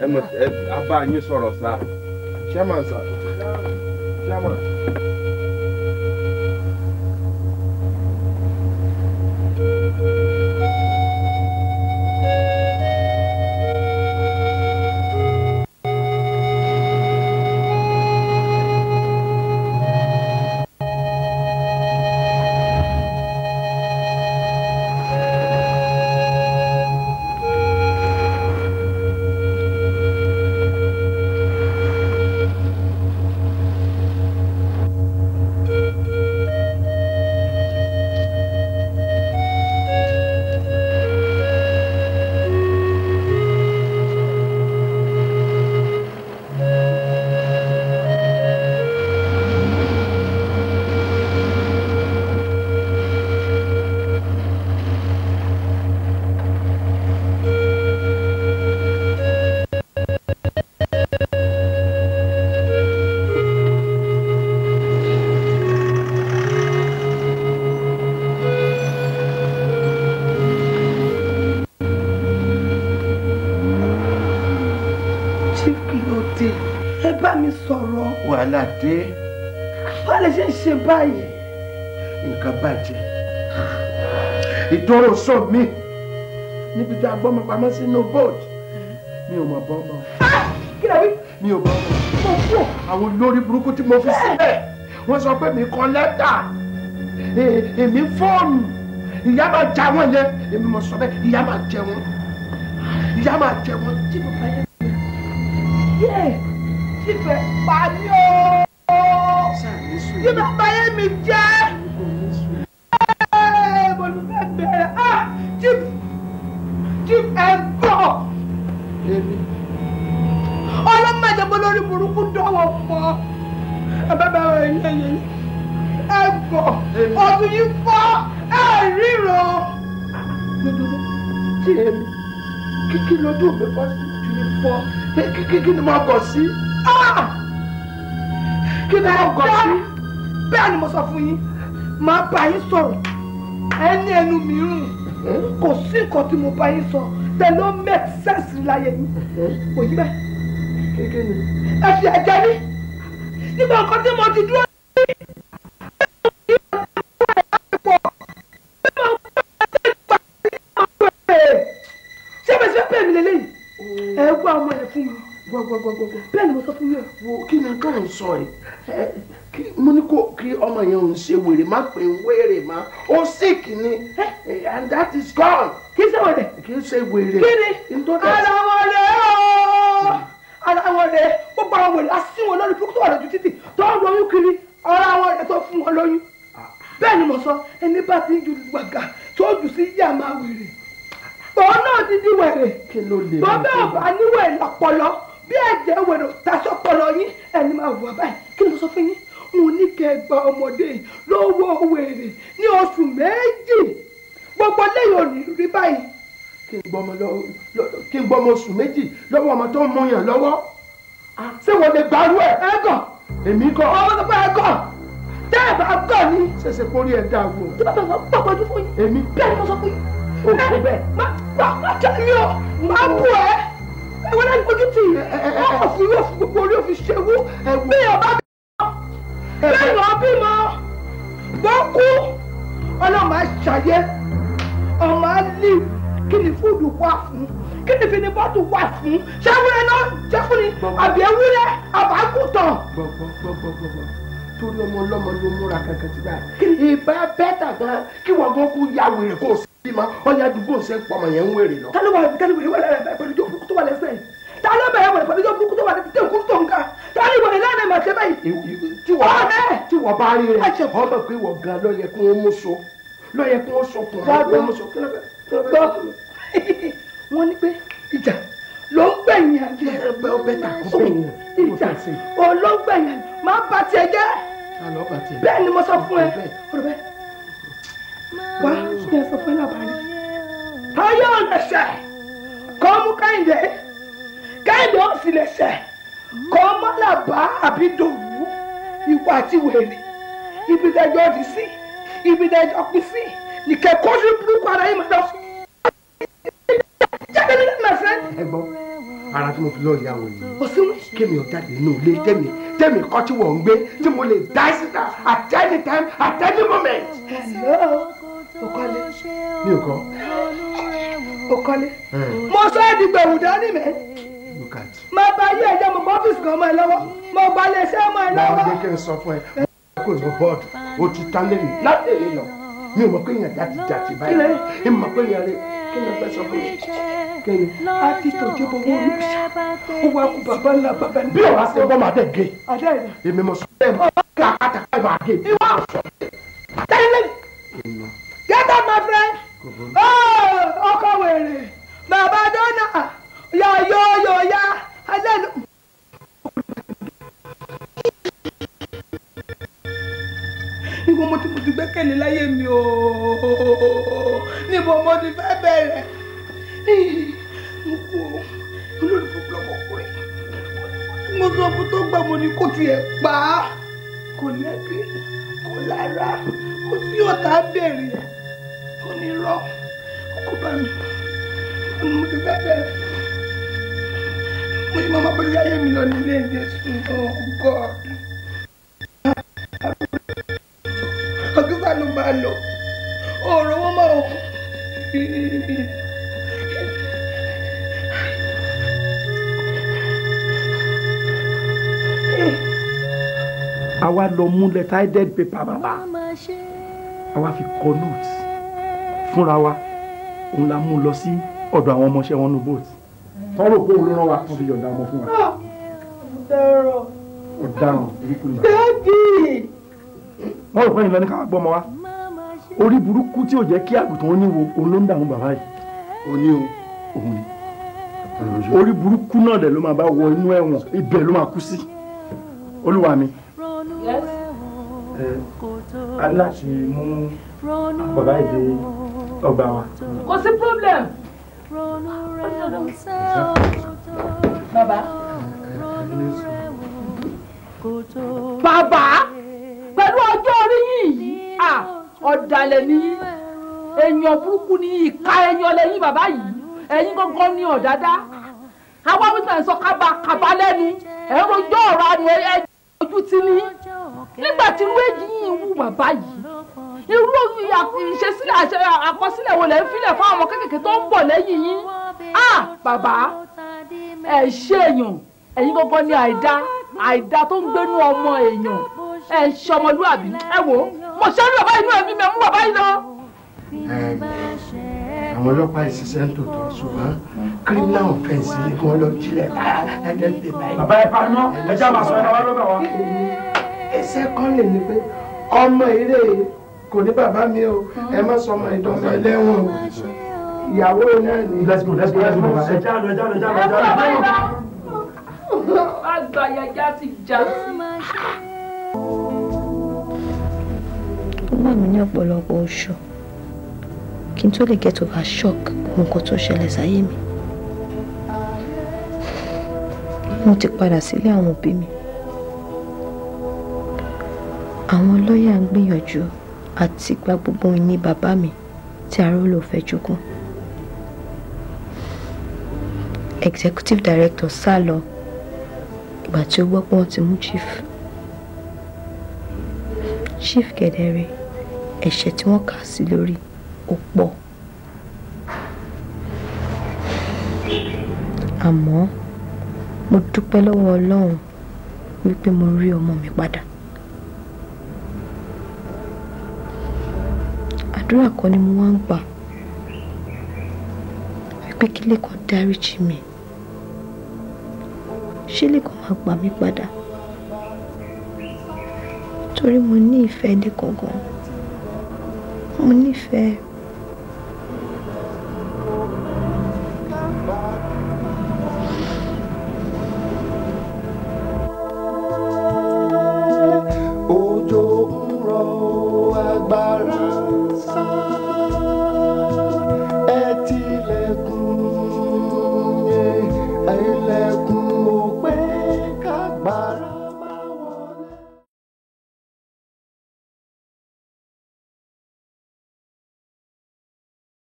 ẹ mọ ẹ abá yín sọ̀rọ̀ sa. chairman sa chairman. thank you báyìí nǹkan bàjẹ́ ìdúró sọ mi níbi tí a gbọ́ mi pamọ́ sínú boat mi ò mọ̀ bọ́ ọmọ. mi ò bọ́ ọmọ. mo fò àwọn olórí burúkú tí mo fi sílẹ̀ wọ́n sọ pé mi kọ lẹ́tà èmi fóònù ìyá máa já wọn yẹn èmi mọ̀ sọ ìyá máa jẹ wọn ìyá máa jẹ wọn. jíjẹ pa mí o mi jẹ́ mo ní fẹ́ bẹ̀rẹ̀ ah chief chief ẹ gbọ́ èmi ọlọ́mọdé mo lórí burúkú dọ́wọ́ fọ́ ẹ bá bá ẹ yẹ yẹ ẹ gbọ́ ọdún yìí fọ́ ẹ ríro lójúmọ́ tí èmi kíkí lójú mi fọ́ sí ju yìí fọ́ kíkí ni mo kọ̀ sí kí ni mo kọ̀ sí bẹ́ẹ̀ ni mo sọ fún yín máa bá yín sọ̀rọ̀ ẹni ẹnu mìíràn kò sí nǹkan tí mo bá yín sọ tẹ̀lé ó make sense láyé mi kò yí bẹ́ẹ̀. ẹ fi ẹ̀jẹ̀ rí nígbà kan tí mo ti dúró sí ṣé bẹ́ẹ̀ ṣe pè mí lélẹ́yìn ẹ wá ọmọ ẹ fún mi bẹ́ẹ̀ ni mo sọ fún yín. wo kí ni n tó ń sọ yìí táwọn èèyàn ń ṣe wèrè má pé ń wèrè má ó sick ni eh, and that is gone. kì í ṣe wèrè. kì í ṣe wèrè. kí ni aláwọ̀lẹ̀ ooo aláwọ̀lẹ̀ gbogbo àwọn wèrè asínwó lórí burúkú tó wà lójú títì tó ń lóyún kiri ọ̀rọ̀ àwọn ẹ̀ tó fún wọn lóyún. bẹ́ẹ̀ ni mo sọ ẹni bá ti ń ju gbàgà tó jù sí yàmá wèrè tòun náà ti di wèrè tó bẹ́ẹ̀ bá níwèrè lọ́pọlọ bí ẹ̀jẹ̀ wèrè tàṣọpọlọ yín ẹni máa wà báyìí kí ni mo sọ fún yín mo ní kẹgbà ọmọdé lọ́wọ́ wèrè ní oṣù méjì gbogbo lẹ́yìn òní rí báyìí kí n gbọ́mọ oṣù méjì lọ́wọ́ ọmọ tó ń múyàn lọ́wọ́ ṣé wọ́n lè gbárù ẹ̀ ẹ̀ gàn èmi gàn ọmọ tó fẹ́ gàn tẹ́ ẹ̀ bá gàn ní. ṣẹ̀ṣẹ̀ kórè ẹ̀ dà wò. tí bàbá sọ pọ̀ pẹ̀lú fún yín. èmi bẹ́ẹ̀ ni mo sọ fún yín. o kò bẹ́ẹ̀. má má má jẹ́ mi o má bù ẹ́. ṣayé ọmọ á lè kí ni fúdù wà fún kí ni finibọ́tù wà fún ṣẹ́wúrẹ́ náà ṣẹ́fúnni àbí ewúrẹ́ àbágùntàn. torí ọmọ ọlọ́mọ ló múra kankan ti báyìí. ìbá bẹ́tà gan kí wọ́n gan kú ya wèrè kó o sì bí ma ọ̀yà àdúgbò ṣe pọ̀mọ̀ yẹn ń wèrè lọ. tálọ́ bẹ̀rẹ̀ tálọ́ bẹ̀rẹ̀ pẹ̀lú ìjọ burúkú tó wà lẹ́sẹ̀ tálọ́ bẹ̀rẹ̀ wẹ̀rẹ̀ pẹ̀lú ìjọ burúkú tó wà lẹ́sẹ̀ tẹ̀kú tó nǹkan tálọ́ ìwọ̀n ìlànà ìmọ̀ ṣẹ́ báyìí. tí wọ́n bá rí rẹ̀ ọmọ pé wọ́n gan ló yẹ kí wọ́n mú so ló yẹ kí wọ́n sọkùn wọn mọ̀ sọ kí ló fẹ́ gbọ́ wọn ní pé ìjà ló ń gbẹ̀yìn àjẹ ẹgbẹ́ ọbẹ̀ tà kó gbẹ̀yìn ìjà olóńgbẹ̀yìn máa bá tiẹ̀ jẹ́ bẹ́ẹ̀ ni mo sọ fún ẹ ọ̀rọ̀ bẹ́ẹ̀ wá kí ẹ sọ fún ẹ lábàárẹ̀ táyọ̀ ọ̀nẹ̀sẹ̀ kọ́ mú káyìndé káyìndé ó sì lè ṣẹ̀ kọ́ àbí dòwú ìwà àti wèrè ibi tẹ́jọ́ ti sí ibi dẹ̀ jọ pín sí nìkẹ́ kóṣù burúkú ara yìí máa dọ̀ sí. jáde nílẹ̀ my ẹ gbọ́ ara tí mo fi lọ́ọ̀ yàwó yìí kémi ò jáde ilé tèmi tèmi kọ́ tí wọ́n ń gbé tí mo lè dá síta at any time at any moment. o kọ́lé. mi ò kọ́. o kọ́lé. mo sọ ẹ́ di gbẹ̀wù dání mẹ́. mo bá yí ẹ̀jẹ̀ mo ọ́fíìsì kan mọ́ ẹ lọ́wọ́ mo gbalẹ̀ iṣẹ́ mọ́ ẹ lọ́wọ́. mo jẹ́ kí n sọ fún ẹ kúrò ní bọ́ọ̀dù ó ti tán lẹ́nu láti èyí lọ mi ò mọ̀ pé èèyàn dá ti dà ti báyìí ẹ mọ̀ pé èèyàn rẹ kí ni ọgbẹ́ sọ fún mi kí ni á ti tọ̀jú bọ̀ wọ́n olùsà ó wá kú bàbá ńlá bàbá ní. bí ọ̀rọ̀ àti ọgbọ́n máa dẹ̀ gé èmi mọ̀ sọ bẹ́ẹ̀ mọ̀ kí àkàtà ká máa gé. ìwọ tẹ́lẹ̀ get up my oh, ọkọ̀ wèrè bàbá dọ́nà yàyọ́ alẹ́ ló. gbogbo mo ti mo ti gbẹ́kẹ̀lé láyé mi o níbo mo ti fẹ́ bẹ̀rẹ̀ mo kú o olórí gbogbo ọmọkùnrin mo sọ fún tó gbà mo ní kó tiẹ̀ pa á kò lẹ́bi kò lára kò sí ọ̀tá bẹ̀rẹ̀ kò ní rọ kò bá mi mo ti fẹ́ bẹ̀rẹ̀ mo ní mama bóyá ayé mi lọ nílé ìjẹsùn ọgọ́ọ̀dù. Oh àgbẹ̀fà ló máa lọ ọ̀rọ̀ wọn máa wọ̀. àwa lọ mú paper bàbá àwa fi kọ note fúnra wa la mú lọ sí ọ̀dọ̀ àwọn ọmọọṣẹ́ wọn boat tọ́rọ̀ pé òun ló rán fi yọ̀ǹda ọmọ fún wa. Ah, ọ̀daràn wọ́n rò fún ìlànà káwọn gbọ́mọ wa orí burúkú tí ò jẹ́ kí àgùntàn ó níwo òun ló ń dààmú bàbá yìí òun ni òun ni orí burúkú náà dẹ̀ ló máa bá wọ inú ẹ̀wọ̀n ibẹ̀ ló máa kú sí olúwa mi. aláṣẹ mú bàbá ìdè ọgbà wa. kò sí problem. bàbá. bàbá pẹ̀lú ọjọ́ yìí ah, ọ̀dàlẹ̀ ni yín burúkú ni ìka ẹ̀yàn lẹ́yìn bàbá yìí ẹ̀yin gángan ni ọ̀dàdá àwa wípé ẹ̀ sọ kábà kàbá lẹ́nu ẹ̀ rojọ́ ọ̀rọ̀ àrùn ẹ̀ ojú ti ní nígbà tí irú èjì yìí ń wù bàbá yìí irú ìṣesílẹ̀ àkọsílẹ̀ wo lẹ́ ń filẹ̀ fún àwọn kékèké tó ń bọ̀ lẹ́yìn yín ah bàbá ẹ̀ ṣe èèyàn ẹ̀yin gángan ni àìdá àìdá tó ń gbénú ọmọ èèyàn ẹ ṣe ọmọlúwàbí ẹ wò ó mo ṣe rí bàbá inú ẹbí mi mú bàbá yìí lọ. àwọn ọlọ́pàá ìṣiṣẹ́ ń tòótọ́ ṣùgbọ́n criminal offence ni wọ́n lọ jílẹ̀ ẹ̀ẹ́dẹ́ ń bèbá yìí. bàbá ẹ parí mọ́ ẹ já màá sọ ẹ lọ́wọ́ lọ́bẹ̀ wá. ẹsẹ̀ kan lè ní pé ọmọ eré kò ní bàbá mi o ẹ má sọ ọmọ ìdánwò ẹlẹ́wọ̀n o ìyàwó náà ni. let's go let's go let's go ẹ já lọ ẹ já lọ ẹ já lọ ẹ ti já sí ó wà mí ní ọ̀pọ̀lọpọ̀ oṣù kí n tó lè get over shock nǹkan tó ṣẹlẹ̀ sáyé mi mo ti padà sílé àwọn òbí mi àwọn lọ́ọ̀yà ń gbìyànjú àti gba gbogbo ìní bàbá mi tí arúgbó fẹ́ jogún executive director sá lọ ìgbà tí ó gbọ́ pé wọ́n ti mú chief chief kedere ẹ̀ṣẹ̀ tí wọ́n kà sí lórí ó pọ̀ àmọ́ mo dúpẹ́ lọ́wọ́ ọlọ́run wípé mo rí ọmọ mi padà àdúrà kan ni mo wá ń gbà wípé kí lẹ́kọ̀ọ́ dáríjì mi ṣé lẹ́kọ̀ọ́ máa gbà mí padà torí mo ní ìfẹ́ dé gangan mo nífẹ̀ẹ́.